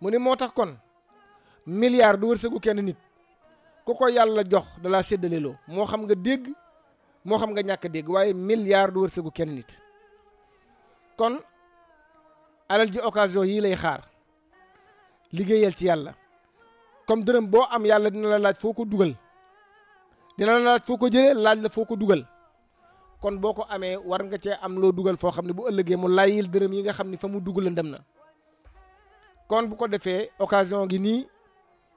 mu ni moo tax kon milliard du wërsëgu kenn nit ku ko yàlla jox da laa séddaleloo moo xam nga dégg moo xam nga ñàkk dégg waaye milliard du wërsëgu kenn nit kon alal ji occasion yii lay xaar liggéeyal ci yàlla comme dërëm boo am yàlla dina la laaj foo ko dugal dina laaj foo ko jële laaj la foo ko dugal kon boo ko amee war nga cee am loo dugal foo xam ne bu ëllëgee mu layyil dërëm yi nga xam ni fa mu dugg la dem na kon bu ko defee occasion gi nii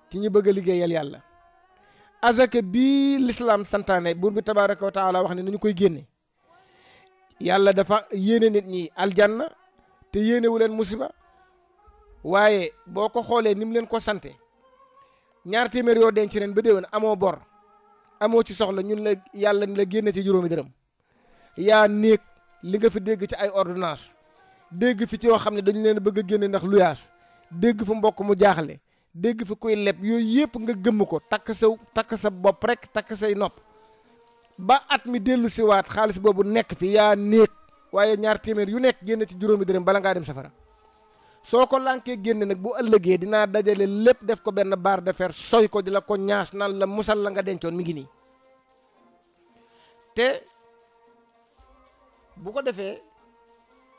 ci ñi bëgg a liggéeyal yàlla azaka bii lislaam santaane buur bi tabaraka wa taala wax ne nañu koy génne yàlla dafa yéene nit ñi aljanna te yéenewu leen musiba waaye boo ko xoolee ni mu leen ko sante ñaar téeméer yoo denc ren ba déwén amoo bor amoo ci soxla ñun la yàlla la génne ci juróomi dërëm yaa néeg li nga fi dégg ci ay ordonnance dégg fi ci yoo xam ne dañu leen bëgg a génne ndax luyaas dégg fa mbokk mu jaaxle dégg fa koy leb yooyu yëpp nga gëmm ko takk sa takk sa bopp rek takk say nopp ba at mi dellu siwaat xaalis boobu nekk fi yaa néeg waaye ñaar téeméer yu nekk génne ci juróomi dërëm bala ngaa dem safara soo ko lànkee génne nag bu ëllëgee dinaa dajale lépp def ko benn barre de fer soy ko di la ko ñaas nan la musal la nga dencoon mi ngi nii te bu ko defee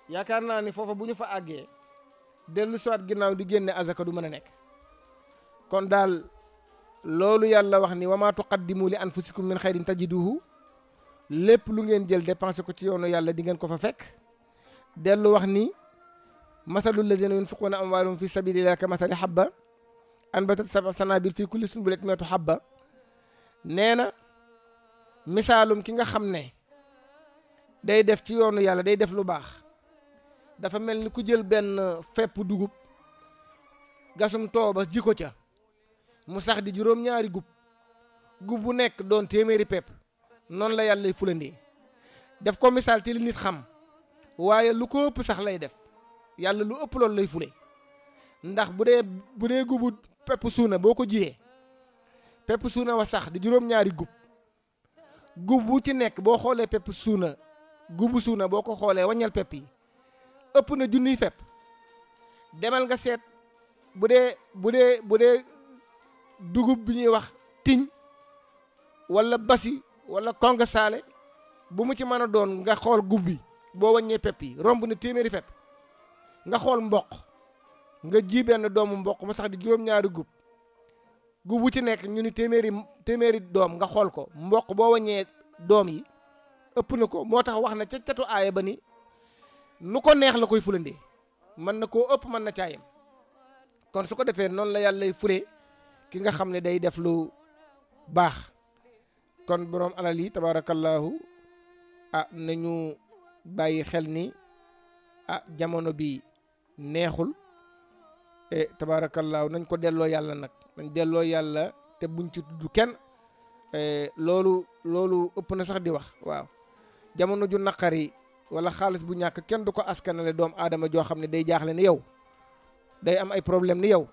yaakaar naa ni foofa bu ñu fa àggee dellu siwaat ginnaaw di génne azaka du mën a nekk kon daal loolu yàlla wax wamaatu ni wama tuqaddimu xay anfusikum min xayrin tajiduhu lépp lu ngeen jël dépensé ko ci yoonu yàlla di ngeen ko fa fekk dellu wax nii la masalu alladina yunfiquuna amwaalahum fi sabilillah ka masali habba anbatat sab'a sanabil fi kulli sunbulatin mi'atu habba nee na misaalum ki nga xam ne day def ci yoonu yàlla day def lu baax dafa mel ni ku jël benn fepp dugub gasum tooba ji ko ca mu sax di juróom-ñaari gub gub bu nekk doon téeméeri pepp noonu la yàlla lay fulandee def ko misaal te li nit xam waaye lu ko ëpp sax lay def yàlla lu ëpp loolu lay fule ndax bu dee bu dee gubu pepp suuna boo ko jiyee pepp suuna wa sax di juróom-ñaari gub gub bu ci nekk boo xoolee pepp suuna gubu suuna boo ko xoolee waññal pepp yi ëpp na junniy pepp demal nga seet bu dee bu dee bu dee dugub bi ñuy wax tiñ wala basi wala konga saale bu mu ci mën a doon nga xool gub bi boo wàññee pepp yi romb na téeméeri pepp nga xool mboq nga ji benn doomu mboq mu sax di juróom-ñaari gub gub wu ci nekk ñu ni téeméeri téeméeri doom nga xool ko mboq boo waññee doom yi ëpp na ko moo tax wax na ca catu aaya ba ni nu ko neex la koy fulandee mën na koo ëpp mën na caayam kon su ko defee noonu la yàlla fure ki nga xam ne day def lu baax kon boroom alal yi tabaarakallaahu ah nañu bàyyi xel ni ah jamono bi neexul e tabaarakallaahu nañ ko delloo yàlla nag nañ delloo yàlla te buñ ci tudd kenn e, loolu loolu ëpp na sax di wax waaw jamono ju naqari yi wala xaalis bu ñàkk kenn du ko askanale doomu aadama joo xam ne day jaaxle ni yow day am ay problème ni yow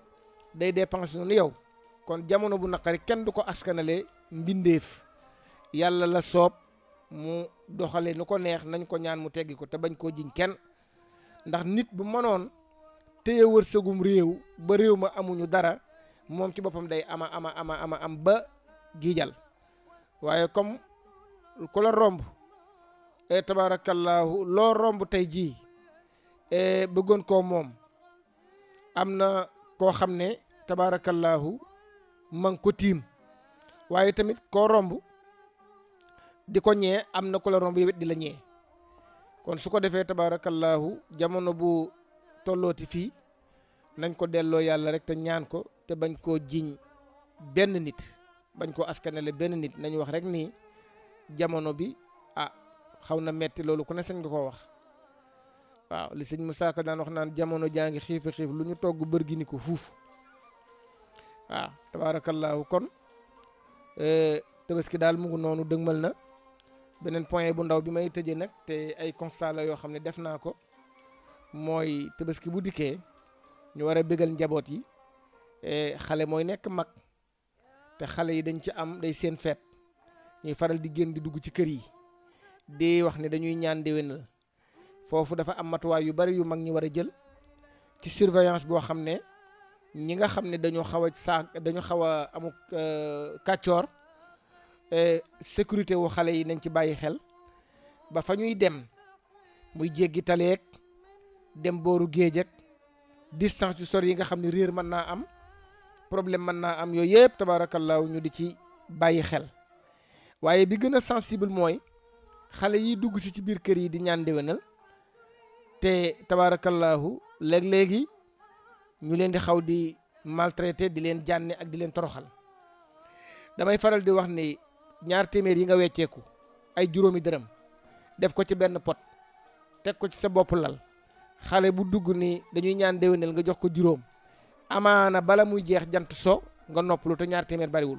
day dépense ni yow kon jamono bu naqari kenn du ko askanale mbindeef yàlla la soob mu doxale nu ko neex nañ ko ñaan mu teggi ko te bañ koo jiñ kenn ndax nit bu mënoon téye wërsëgum réew ba réew ma amuñu dara moom ci boppam day ama ama ama ama am ba giijal waaye comme ku romb e tabaarakallaahu loo romb tey jii e bëggoon koo moom am na koo xam ne tabaarakallaahu ma ngi ko tiim waaye tamit koo romb di ko ñee am na ku romb yow it di la ñee kon su ko defee tabaarakallaahu jamono bu tollooti fii nañ ko delloo yàlla rek te ñaan ko te bañ koo jiiñ benn nit bañ koo askanale benn nit nañ wax rek nii jamono bi a ah, xaw na metti loolu ku ne sañ nga koo wax waaw li sëñ Moussa daan wax naan jamono jaa ngi xiif xiif lu ñu togg bër gi ko fuuf waaw tabaarakallaahu kon eh, tabaski daal mu noonu dëgmal na beneen point bu ndaw bi may tëjee nag te ay constat la yoo xam ne def naa ko mooy tabaski bu dikkee ñu war a bégal njaboot yi eh, xale mooy nekk mag te xale yi dañ ci am day seen feet ñuy faral di génn di dugg ci kër yi di wax ne dañuy ñaan déwénal foofu dafa am matuwaay yu bari yu mag ñi war a jël ci surveillance boo xam ne ñi nga xam ne dañoo xaw a saa dañu xaw a amuk euh, kàccoor eh, sécurité wu xale yi nañ ci bàyyi xel ba fa ñuy dem muy jéggi taleeg dem booru géej distance yu sori yi nga xam ne réer mën naa am problème mën naa am yooyu yëpp tabaarakallaahu ñu di ci bàyyi xel waaye bi gën a sensible mooy xale yi dugg si ci biir kër yi di ñaan déwénal te tabaarakallaahu léeg-léegi ñu leen di xaw di maltraité di leen jànne ak di leen toroxal damay faral di wax ni ñaar téeméer yi nga wecceeku ay juróomi dërëm def ko ci benn pot teg ko ci sa bopp lal xale bu dugg ni dañuy ñaan déwénel nga jox ko juróom amaana bala muy jeex jant so nga noppalu te ñaar téeméer bariwul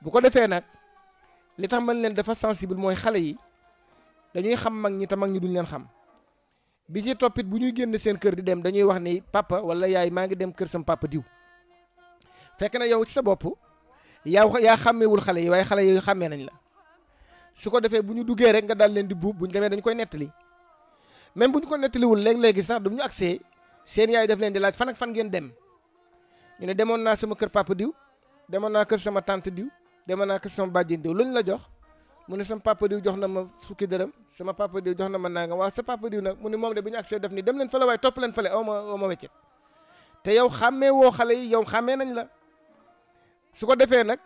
bu ko defee nag li tax man leen dafa sensible mooy xale yi dañuy xam mag ñi te mag ñi duñ leen xam bi ci toppit bu ñuy génn seen kër di dem dañuy wax ni papa wala yaay maa ngi dem kër sam papa diw fekk na yow ci sa bopp yaa yaa xàmmeewul xale yi waaye xale yi xàmmee nañ la su ko defee bu ñu duggee rek nga dal leen di buub dañ koy nettali même bu ñu ko nettaliwul léeg-léegi sax du ñu agsee seen yaay def leen di laaj fan ak fan ngeen dem ñu ne demoon naa sama kër papa diw demoon naa kër sama tante diw demoon naa kër sama bàjjen diw lu ñu la jox mu ne sama papa diw jox na ma fukki dërëm sama papa diw jox na ma nangam waaw sa papa diw nag mu ne moom de bu ñu agsee def ni dem leen fële waaye topp leen fële aw ma aw ma wecce te yow xàmmee woo xale yi yow xàmmee nañ la su ko defee nag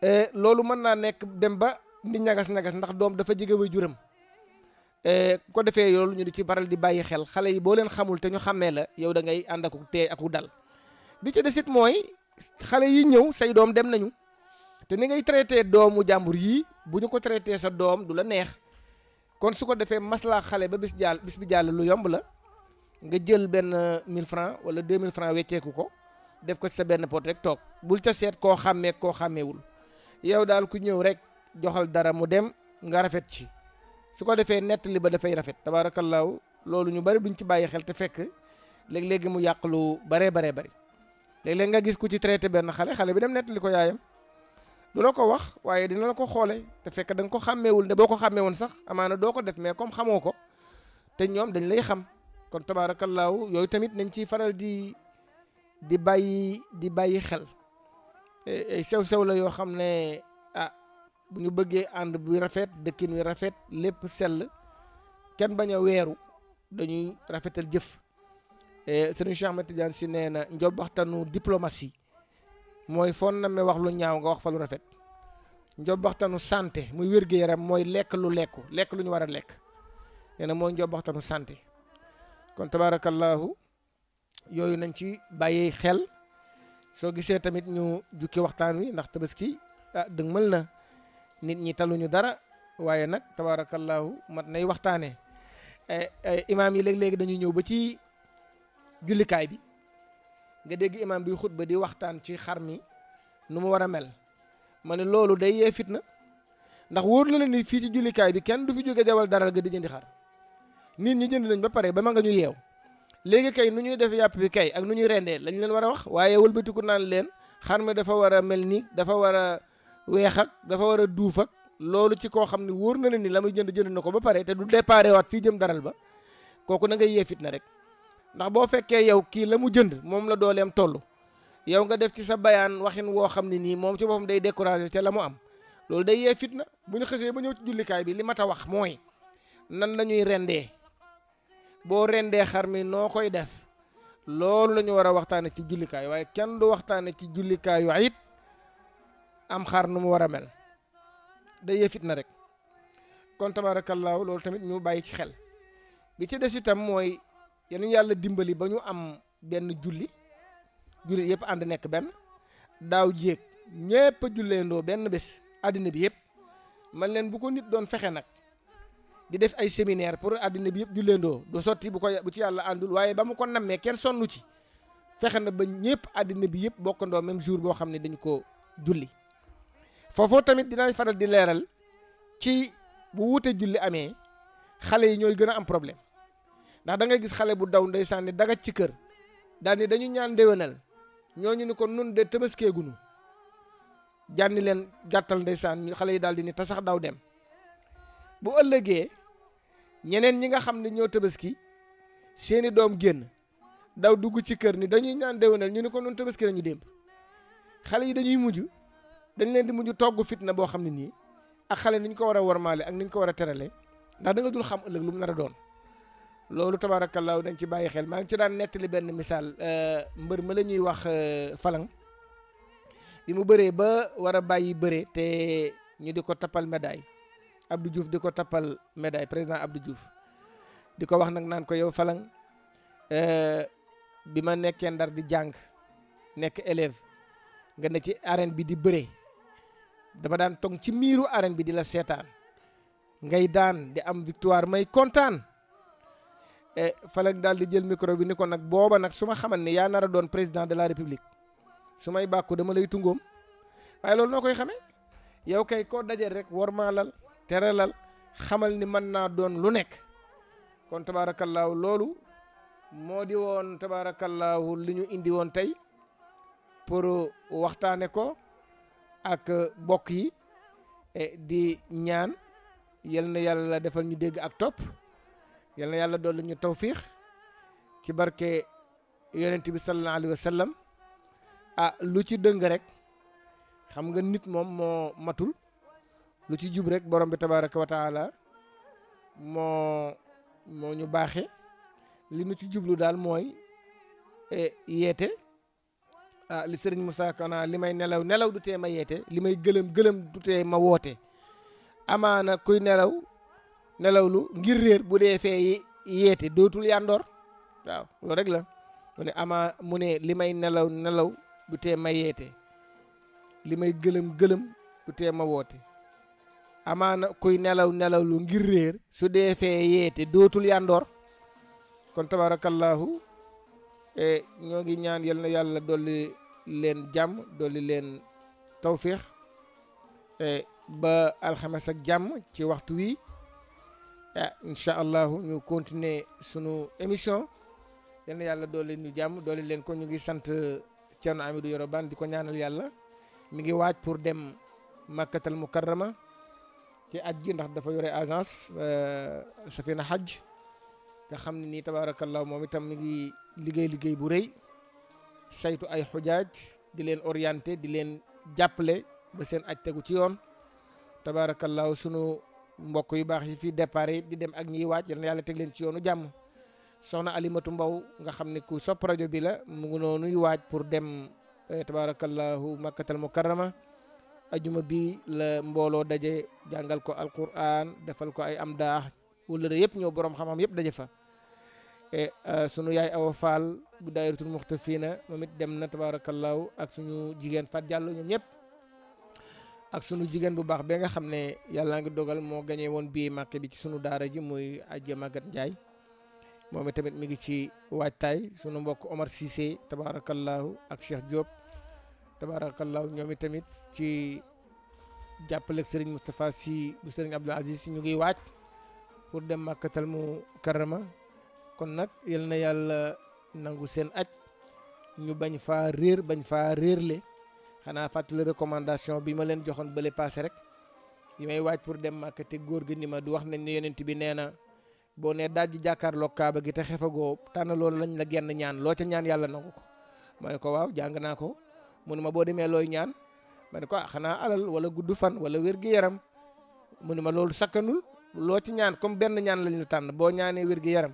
eh, loolu mën naa nekk dem ba nit ñagas-ñagas ndax doom dafa jege way juram bu eh, ko defee loolu ñu di ci baral di bàyyi xel xale yi boo leen xamul te ñu xàmmee la yow dangay ngay ànd ak teey ak dal bi ci desit mooy xale yi ñëw say doom dem nañu te ni ngay traité doomu jàmbur yii bu ñu ko traité sa doom du la neex kon su ko defee maslaa xale ba bis jàll bis bi jàll lu yomb la nga jël benn 1000 francs wala mille francs wecceeku ko def ko ci sa benn pot rek toog bul ca seet koo xàmmee koo xàmmeewul yow daal ku ñëw rek joxal dara mu dem nga rafet ci su ko defee nettali ba dafay rafet tabaarakallaahu loolu ñu bari duñ ci bàyyi xel te fekk léeg-léegi mu yàq lu baree baree bari léeg-léeg nga gis ku ci traité benn xale xale bi dem nettali ko yaayam du la ko wax waaye dina la ko xoole te fekk danga ko xàmmeewul ne boo ko xàmmee woon sax amaana doo ko def mais comme xamoo ko te ñoom dañ lay xam kon tabaarakallaahu yooyu tamit dañ ciy faral di di bàyyi di bàyyi xel sew-sew la yoo xam ne ah bu ñu bëggee ànd bi rafet dëkkin wi rafet lépp sell kenn bañ a weeru dañuy rafetal jëf e, sëriñ Cheikh si nee na njobbaxtanu diplomatie mooy foo nammee wax lu ñaaw nga wax fa lu rafet njobbaxtanu santé muy wér-gu-yaram mooy lekk lu lekku lekk lu ñu war a lekk nee na mooy njobbaxtanu santé kon tabaarakallaahu yooyu nañ ci bàyyi xel soo gisee tamit ñu jukki waxtaan wi ndax tabaski ah dëgmal na nit ñi taluñu dara waaye nag tabaarakallaahu mat nay waxtaanee e, imaam yi léeg-léegi dañuy ñëw ba ci jullikaay bi nga dégg imaam bi xutba di waxtaan ci xar mi nu mu war a mel ma ne loolu day yee fitna ndax wóor la ni fii ci jullikaay kenn du fi jóge jawal daral ga di jëndi xar nit ñi jënd nañ ba pare ba ma nga ñu yeew léegi kay nu ñuy def yàpp bi kay ak nu ñuy rendee lañ leen war a wax waaye wëlbatiku naan leen xar mi dafa war a mel nii dafa war weex dafa war a duuf loolu ci koo xam ne wóor na la ni la muy jënd jënd na ko ba pare te du déparé waat fii jëm daral ba kooku na ngay yee fitna rek ndax boo fekkee yow kii la mu jënd moom la dooleem toll yow nga def ci sa bayaan waxin woo xam ne nii moom ci boppam day découragé te la mu am loolu day yee fitna bu ñu xësee ba ñëw ci jullikaay bi li mat a wax mooy nan la ñuy rendee boo rendee xar mi noo koy def loolu la ñu war a waxtaane ci jullikaay waaye kenn du waxtaane ci jullikaayu it am xaar nu mu war a mel da yëfit na rek kon tabaarakallaahu loolu tamit ñu bàyyi ci xel bi ci des itam mooy yéen yàlla dimbali ba ñu am benn julli jullit yëpp ànd nekk benn daaw jéeg ñépp a julleendoo benn bés àddina bi yëpp man leen bu ko nit doon fexe nag di def ay séminaire pour àddina bi yëpp julleendoo du sotti bu ko bu ci yàlla àndul waaye ba mu ko nammee kenn sonnu ci fexe na ba ñëpp àddina bi yëpp bokkandoo même jour boo xam ne dañu ko julli foofoo tamit dinaay faral di leeral ci bu wuute julli amee xale yi ñooy gën a am problème ndax dangay gis xale bu daw ndeysaan ni dagat ci kër daal ni dañu ñaan déwénal ñooñu ni ko nun de tëbaskeegunu jànni leen gàttal ndeysaan xale yi daal di ni te sax daw dem bu ëllëgee ñeneen ñi nga xam ne ñoo tëbaski seeni doom génn daw dugg ci kër ni dañuy ñaan déwénal ñu ni ko nun tëbaski lañu démb xale yi dañuy mujj dañ leen di ñu togg fitna boo xam ne nii ak xale ni ñu ko war a warmaale ak ni ñu ko war a terale ndax da dul xam ëllëg lu mu nar a doon loolu tabaarakallaahu dañ ci bàyyi xel maa ngi ci daan nettali benn misaal euh, mbër ma la ñuy wax euh, falang bi mu bëree ba war a bàyyi bëree te ñu di ko tappal médaille Abdou Diouf di ko tappal médaille président Abdou Diouf di ko wax nag naan ko yow falang euh, bi ma nekkee ndar di jàng nekk élève nga ne ci arène bi di bëree dama daan toog ci miiru arène bi di la seetaan ngay daan di am victoire may kontaan e falak daal di jël micro bi ni ko nag booba nag su ma xaman ne yaa nara doon président de la république su may bàkku dama lay tungoom waaye loolu noo koy xamee yow kay koo dajee rek warmaalal teralal xamal ni mën naa doon lu nekk kon tabaarakallaahu loolu moo di woon tabaarakallaahu li ñu indi woon tey pour waxtaane ko ak euh, mbokk yi e, di ñaan yal na yàlla defal ñu dégg ak topp yal na yàlla dolli ñu tawfiix ci barke yonent bi sallallahu alayhi wa sallam lu ci dëng rek xam nga nit moom moo matul lu ci jub rek borom bi tabaraka wa taala moo moo ñu baaxe li nu ci jublu daal mooy e, yeete ah li sëriñ Moussa Kana li may nelaw nelaw du tee ma yeete li may gëlëm gëlëm du tee ma woote amaana kuy nelaw nelaw lu ngir réer bu dee fee yeete dootul yàndoor waaw loolu rek la mu ne amaa mu ne li may nelaw nelaw du tee yeete li may gëlëm gëlëm du tee ma woote amaana kuy nelaw nelaw lu ngir réer su dee fee yeete dootul yàndoor kon tabaarakallaahu ñoo ngi ñaan yal na yàlla dolli leen jàmm dolli leen tawfiix ba alxames ak jàmm ci waxtu wi ah incha allahu ñu continuer sunu émission yal na yàlla dolli ñu jàmm dolli leen ko ñu ngi sant Thierno Amidou Yoroban di ko ñaanal yàlla mi ngi waaj pour dem Makkatal Mukarrama ci aj gi ndax dafa yore agence euh, Safina Hajj nga xam ne nii tabaarakallaahu moom itam mi ngi liggéey liggéey bu rëy saytu ay xujaaj di leen orienté di leen jàppale ba seen aj tegu ci yoon tabaarakallaahu sunu mbokk yu baax yi fii départ di dem ak ñiy waaj yal yàlla teg leen ci yoonu jàmm soxna Alimatu Mbow nga xam ne ku sopp rajo bi la mu ngi noonuy waaj pour dem eh, tabaarakallaahu makkatal mukarrama ajuma bi la mbooloo daje jàngal ko alquran defal ko ay am daax wala yëpp ñëw borom xam yëpp daje fa E, e, sunu yaay Awa Fall bu dairatul muxtafina momit dem na tabarakallah ak suñu jigen Fat Diallo ñom ñep ak sunu jigen bu baax be nga xamne yalla nga dogal mo gañee won bi bi ci sunu daara ji muy aje Magat Ndiaye momit tamit mi ngi ci tay sunu mbokk Omar Cissé tabarakallah ak Cheikh Diop tabarakallah ñoom tamit ci jàppale Serigne mustapha si bu Serigne abdou Aziz ñu ngi waaj pour dem màkkatal mu karama kon nak yal na yàlla nangu sen acc ñu bañ fa rir bañ le xana fat le recommandation bi ma joxone be le rek yi may wacc pour dem Màkka te góor gi ni ma du wax nañ ne yonent bi nee na boo nee jakar lo kaaba gi te go tan lool lañ la genn ñaan lo ca ñaan yalla nangu ko man ko waaw jang na ko mu ma boo ñaan man ko ah, xana alal wala guddu fan wala wér-gi-yaram mu ma loolu ci ñaan comme ben ñaan lañ la tan bo ñaané yaram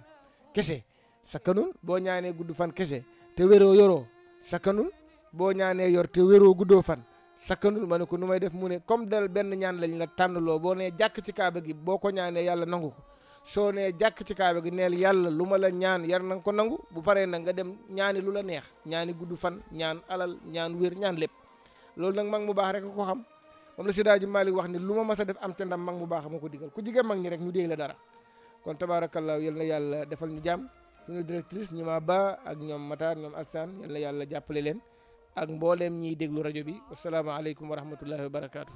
kese sa sakkanul boo ñaanee gudd fan kese te wéroo yoroo sakkanul boo ñaanee yor te wéroo guddoo fan sakkanul ma ne ko nu may def mu ne comme dal benn ñaan lañ la tànnaloo boo nee jàkk ci kaaba gi boo ko ñaanee yàlla nangu ko soo nee jàkk ci kaaba gi neel yàlla lu ma la ñaan yar na ko nangu bu paree nag nga dem ñaani lu la neex ñaani gudd fan ñaan alal ñaan wér ñaan lépp loolu nag mag mu baax rek ko xam moom la si daaji wax ni lu ma mas a def am ca ndam mag mu baax ma ko digal ku jige mag ñi rek ñu dégg la dara kon tabaarakallaa yal na yàlla defal ñu jàmm suñu directrice ñu ma ba ak ñoom Matar ñoom Alsaan yal na yàlla jàppale leen ak mbooleem ñiy déglu rajo bi wasalaamaaleykum wa rahmatullahi wa barakaatu.